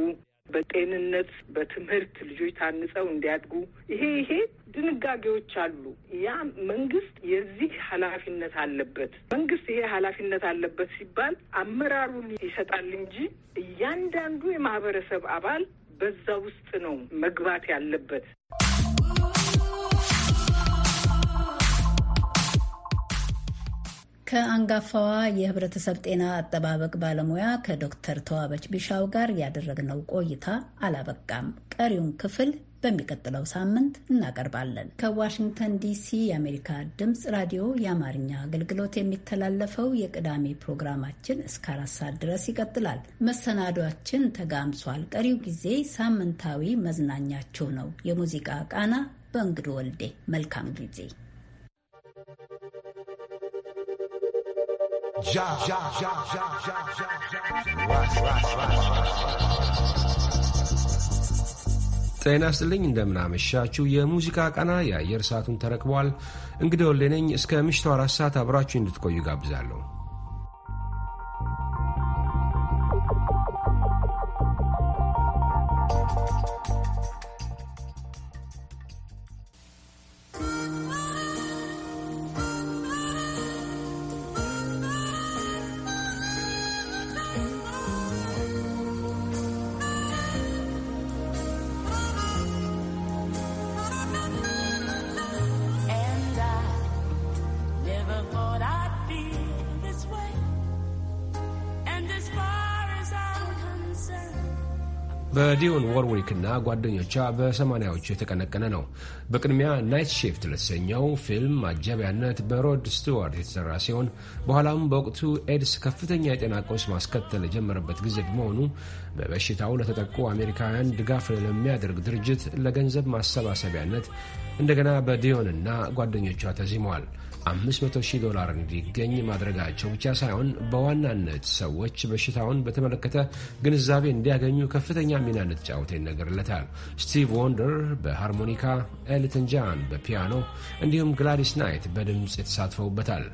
S11: በጤንነት በትምህርት ልጆች ታንጸው እንዲያድጉ ይሄ ይሄ ድንጋጌዎች አሉ። ያ መንግስት የዚህ ኃላፊነት አለበት። መንግስት ይሄ ኃላፊነት አለበት ሲባል አመራሩን ይሰጣል እንጂ እያንዳንዱ የማህበረሰብ አባል በዛ ውስጥ ነው መግባት ያለበት።
S1: ከአንጋፋዋ የህብረተሰብ ጤና አጠባበቅ ባለሙያ ከዶክተር ተዋበች ቢሻው ጋር ያደረግነው ቆይታ አላበቃም። ቀሪውን ክፍል በሚቀጥለው ሳምንት እናቀርባለን። ከዋሽንግተን ዲሲ የአሜሪካ ድምፅ ራዲዮ የአማርኛ አገልግሎት የሚተላለፈው የቅዳሜ ፕሮግራማችን እስከ አራት ሰዓት ድረስ ይቀጥላል። መሰናዷችን ተጋምሷል። ቀሪው ጊዜ ሳምንታዊ መዝናኛችሁ ነው። የሙዚቃ ቃና በእንግዱ ወልዴ። መልካም ጊዜ já, já, já, já, já, já, já.
S12: ራስ ራስ
S13: ራስ ጤና ይስጥልኝ እንደምናመሻችሁ። የሙዚቃ ቀና የአየር ሰዓቱን ተረክቧል። እንግዲህ ወሌ ነኝ። እስከ ምሽቱ አራት ሰዓት አብራችሁ እንድትቆዩ ጋብዛለሁ። በዲዮን ወርዊክ እና ጓደኞቿ በሰማንያዎቹ የተቀነቀነ ነው። በቅድሚያ ናይት ሺፍት ለተሰኘው ፊልም አጃቢያነት በሮድ ስቱዋርት የተሰራ ሲሆን በኋላም በወቅቱ ኤድስ ከፍተኛ የጤና ቀውስ ማስከተል የጀመረበት ጊዜ በመሆኑ በበሽታው ለተጠቁ አሜሪካውያን ድጋፍ ለሚያደርግ ድርጅት ለገንዘብ ማሰባሰቢያነት እንደገና በዲዮን እና ጓደኞቿ ተዚመዋል። 500 ሺህ ዶላር እንዲገኝ ማድረጋቸው ብቻ ሳይሆን በዋናነት ሰዎች በሽታውን በተመለከተ ግንዛቤ እንዲያገኙ ከፍተኛ ሚና እንደተጫወተ ይነገርለታል። ስቲቭ ወንደር በሃርሞኒካ፣ ኤልተን ጃን በፒያኖ እንዲሁም ግላዲስ ናይት በድምፅ የተሳትፈውበታል።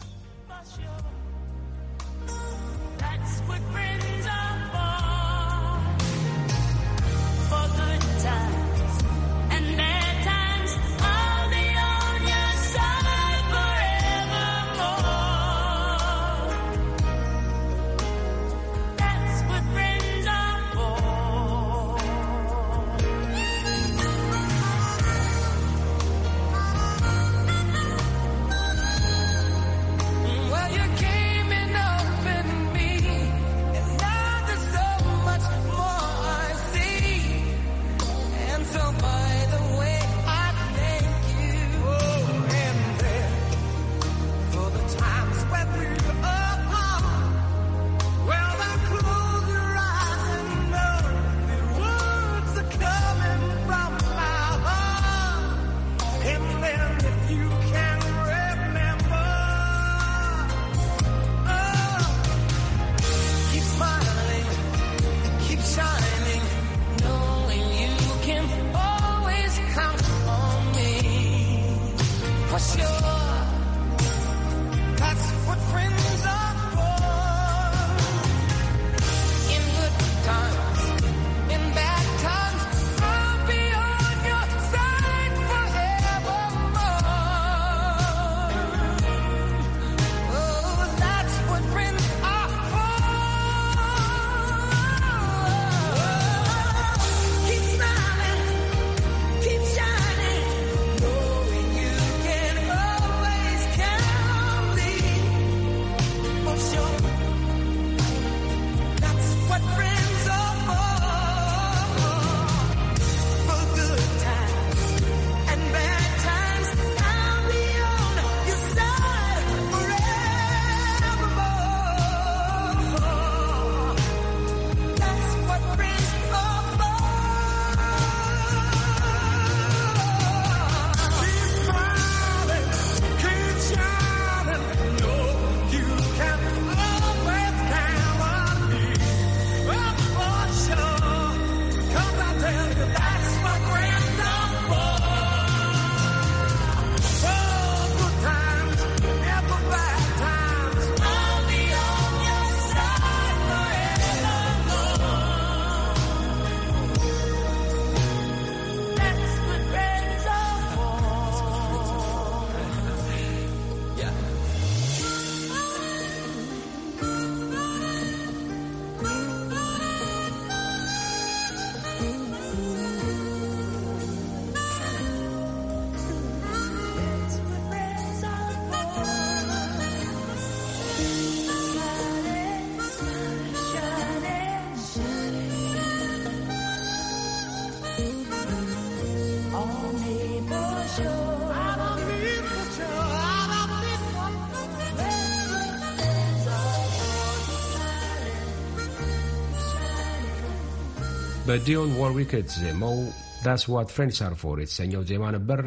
S13: በዲዮን ዋርዊክ የተዜመው ዳስ ዋት ፍሬንድስ አር ፎር የተሰኘው ዜማ ነበር።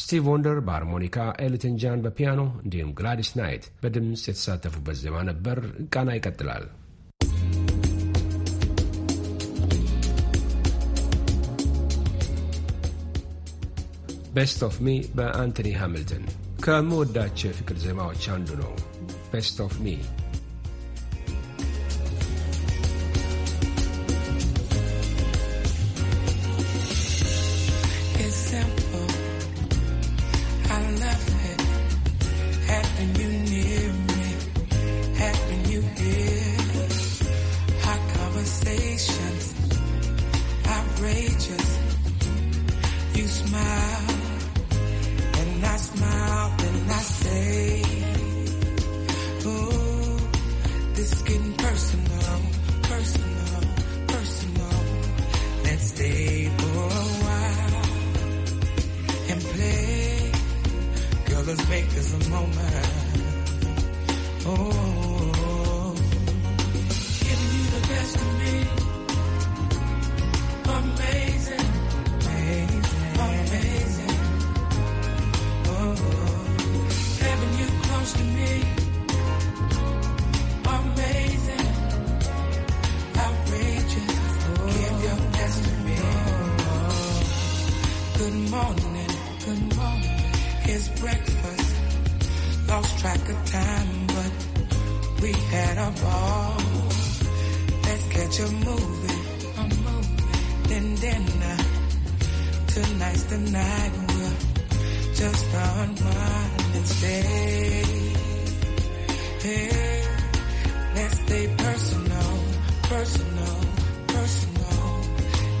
S13: ስቲቭ ወንደር በሃርሞኒካ፣ ኤልተን ጃን በፒያኖ እንዲሁም ግላዲስ ናይት በድምፅ የተሳተፉበት ዜማ ነበር። ቃና ይቀጥላል። ቤስት ኦፍ ሚ በአንቶኒ ሃሚልተን ከምወዳቸው የፍቅር ዜማዎች አንዱ ነው። ቤስት ኦፍ ሚ
S14: jump off. Let's catch a movie. a movie, Then dinner. Tonight's the night we'll just unwind and stay. Hey, let's stay personal, personal, personal.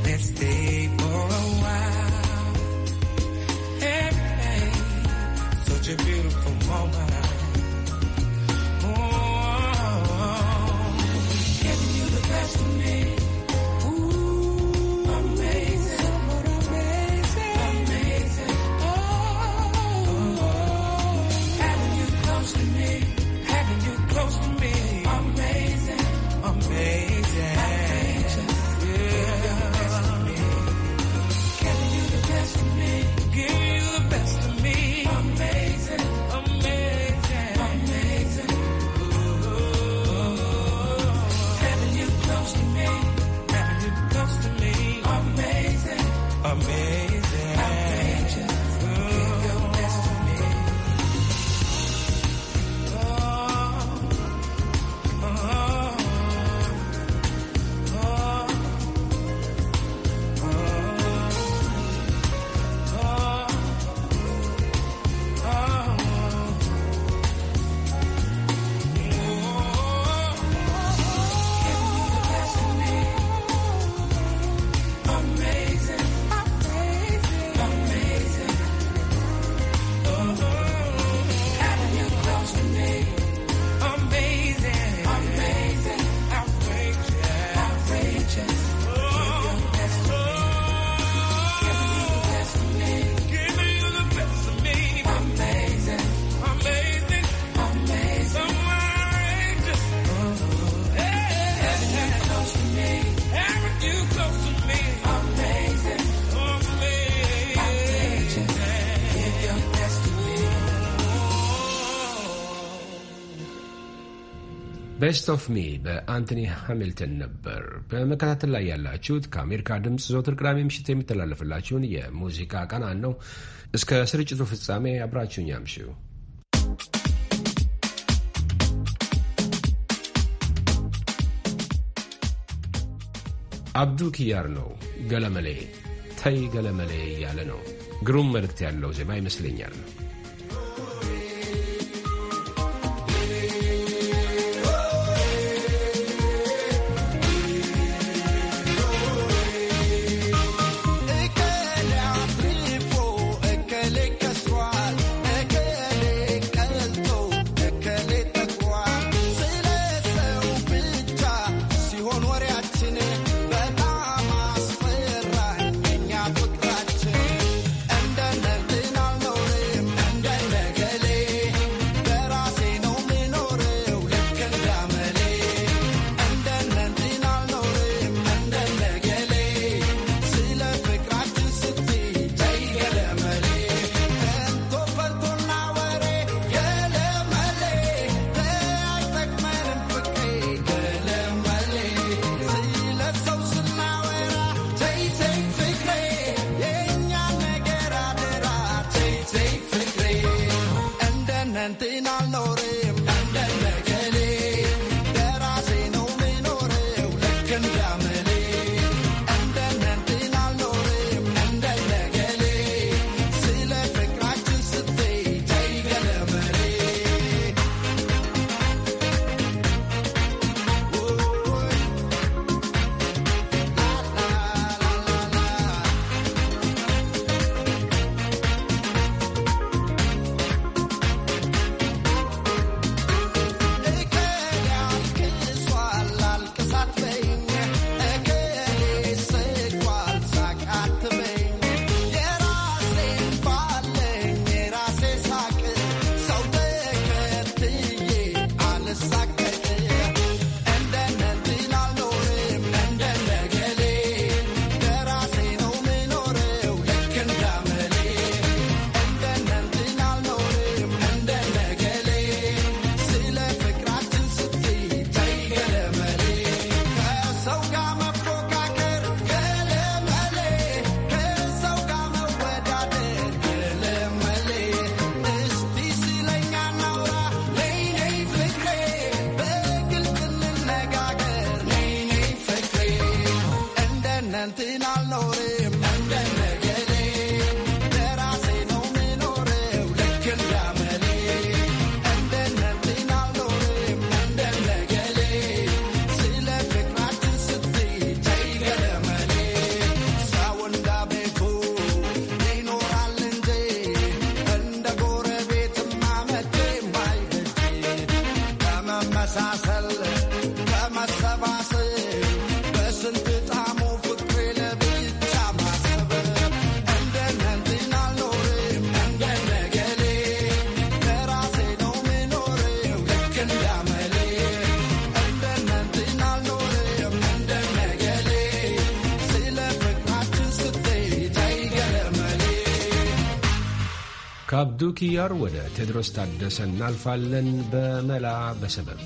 S14: Let's stay.
S13: ቤስት ኦፍ ሚ በአንቶኒ ሃሚልተን ነበር በመከታተል ላይ ያላችሁት። ከአሜሪካ ድምፅ ዘወትር ቅዳሜ ምሽት የሚተላለፍላችሁን የሙዚቃ ቀናን ነው። እስከ ስርጭቱ ፍጻሜ አብራችሁን ያምሽው። አብዱ ኪያር ነው ገለመሌ ተይ ገለመሌ እያለ ነው። ግሩም መልእክት ያለው ዜማ ይመስለኛል። ዱኪያር ወደ ቴድሮስ ታደሰ እናልፋለን። በመላ በሰበብ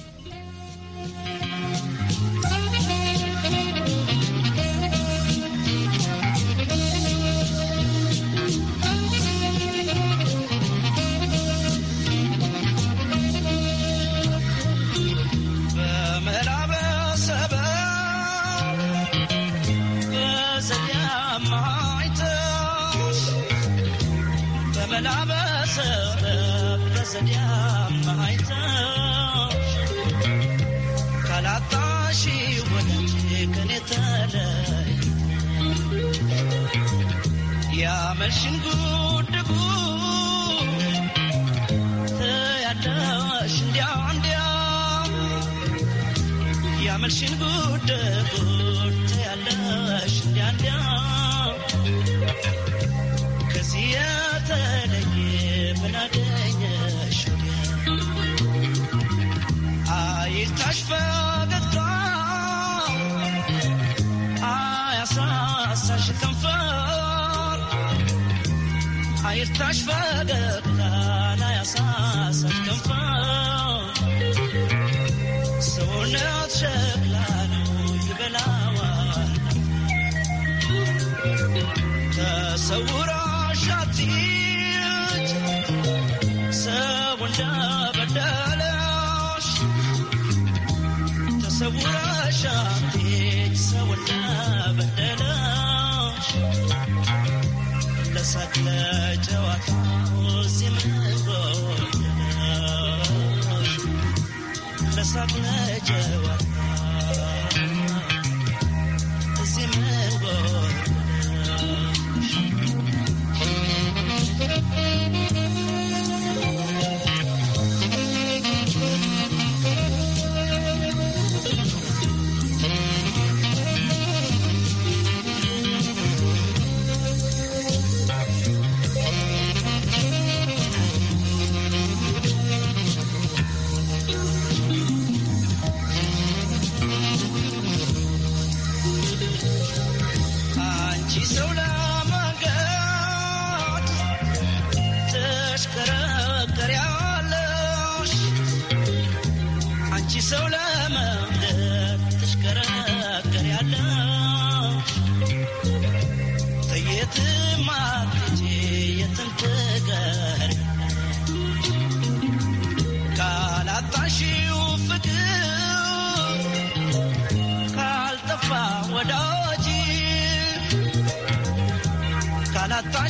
S15: i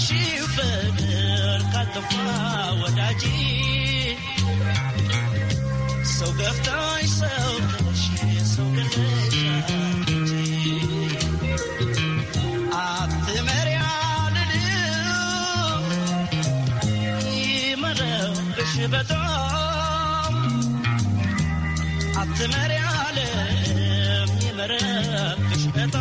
S15: عشي بدر قد وداجي سوق افتاي سوق شي سوق بشبتام عتمر عالم يمرب بشبتام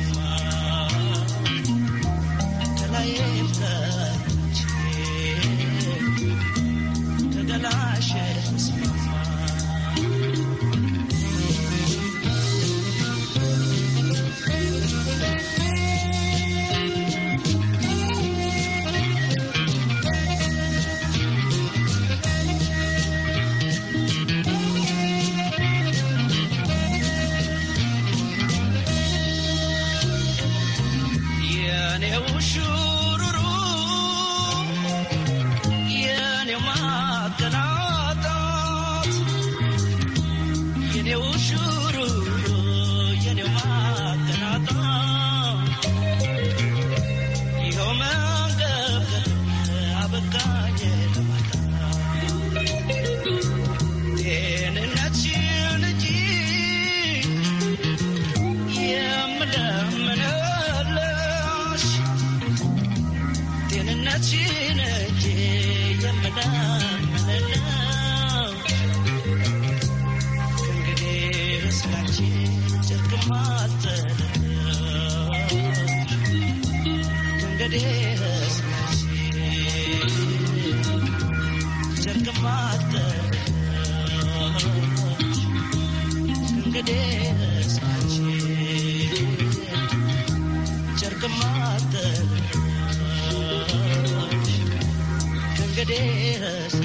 S15: Yes.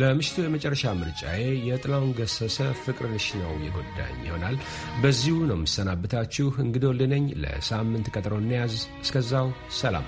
S13: ለምሽቱ የመጨረሻ ምርጫዬ የጥላውን ገሰሰ ፍቅርሽ ነው የጎዳኝ ይሆናል። በዚሁ ነው የምሰናብታችሁ። እንግዶ ለሳምንት ቀጠሮ እንያዝ። እስከዛው ሰላም።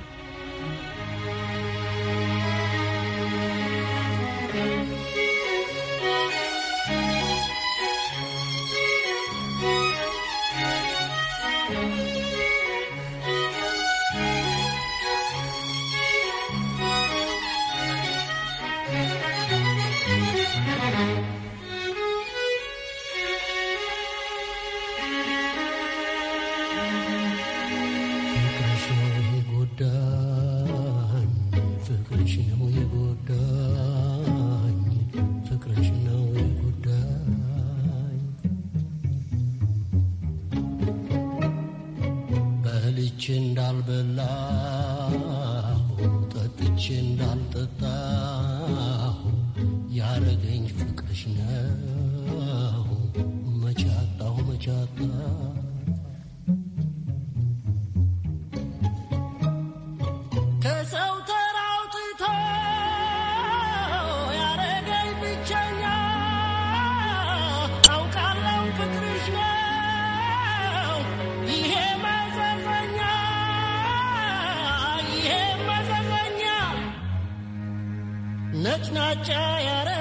S15: not Jaya.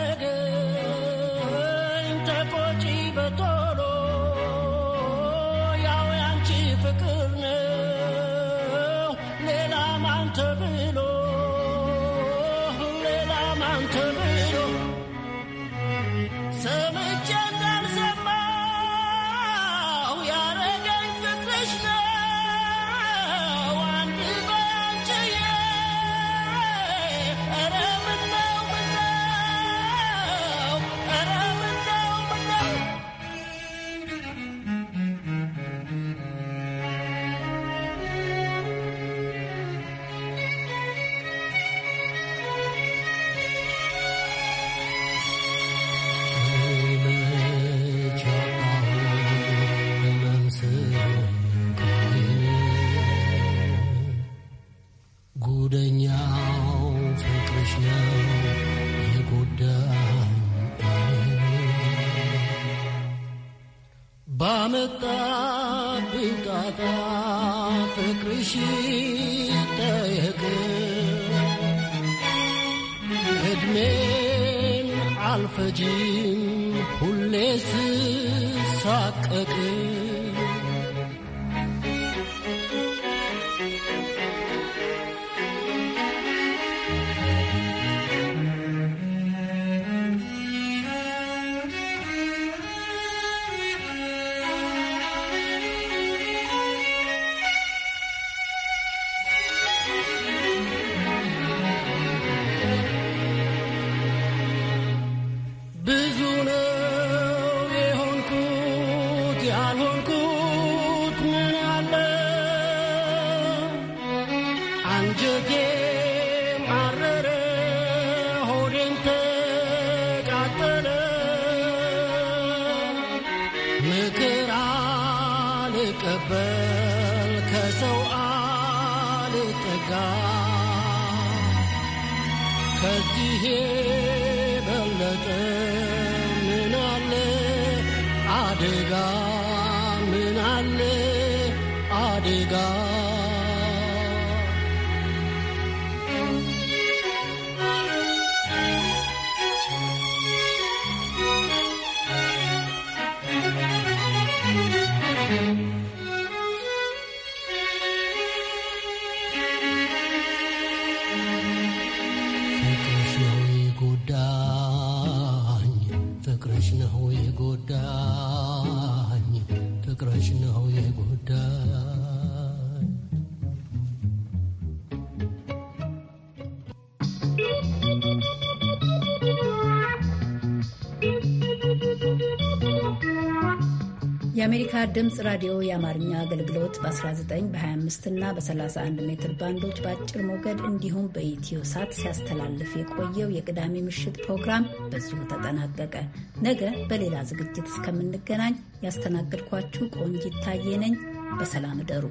S12: ብዙ ነው የሆንኩት ያልሆንኩት ምን አለ
S16: አንጀቴም አረረ ሆዴም ተቃጠለ
S12: ምክር አልቀበል
S15: ከሰው አልጠጋ
S12: ከዚህ
S1: የአሜሪካ ድምፅ ራዲዮ የአማርኛ አገልግሎት በ19 በ25 እና በ31 ሜትር ባንዶች በአጭር ሞገድ እንዲሁም በኢትዮ ሳት ሲያስተላልፍ የቆየው የቅዳሜ ምሽት ፕሮግራም በዚሁ ተጠናቀቀ። ነገ በሌላ ዝግጅት እስከምንገናኝ ያስተናግድኳችሁ ቆንጂት ታዬ ነኝ። በሰላም እደሩ።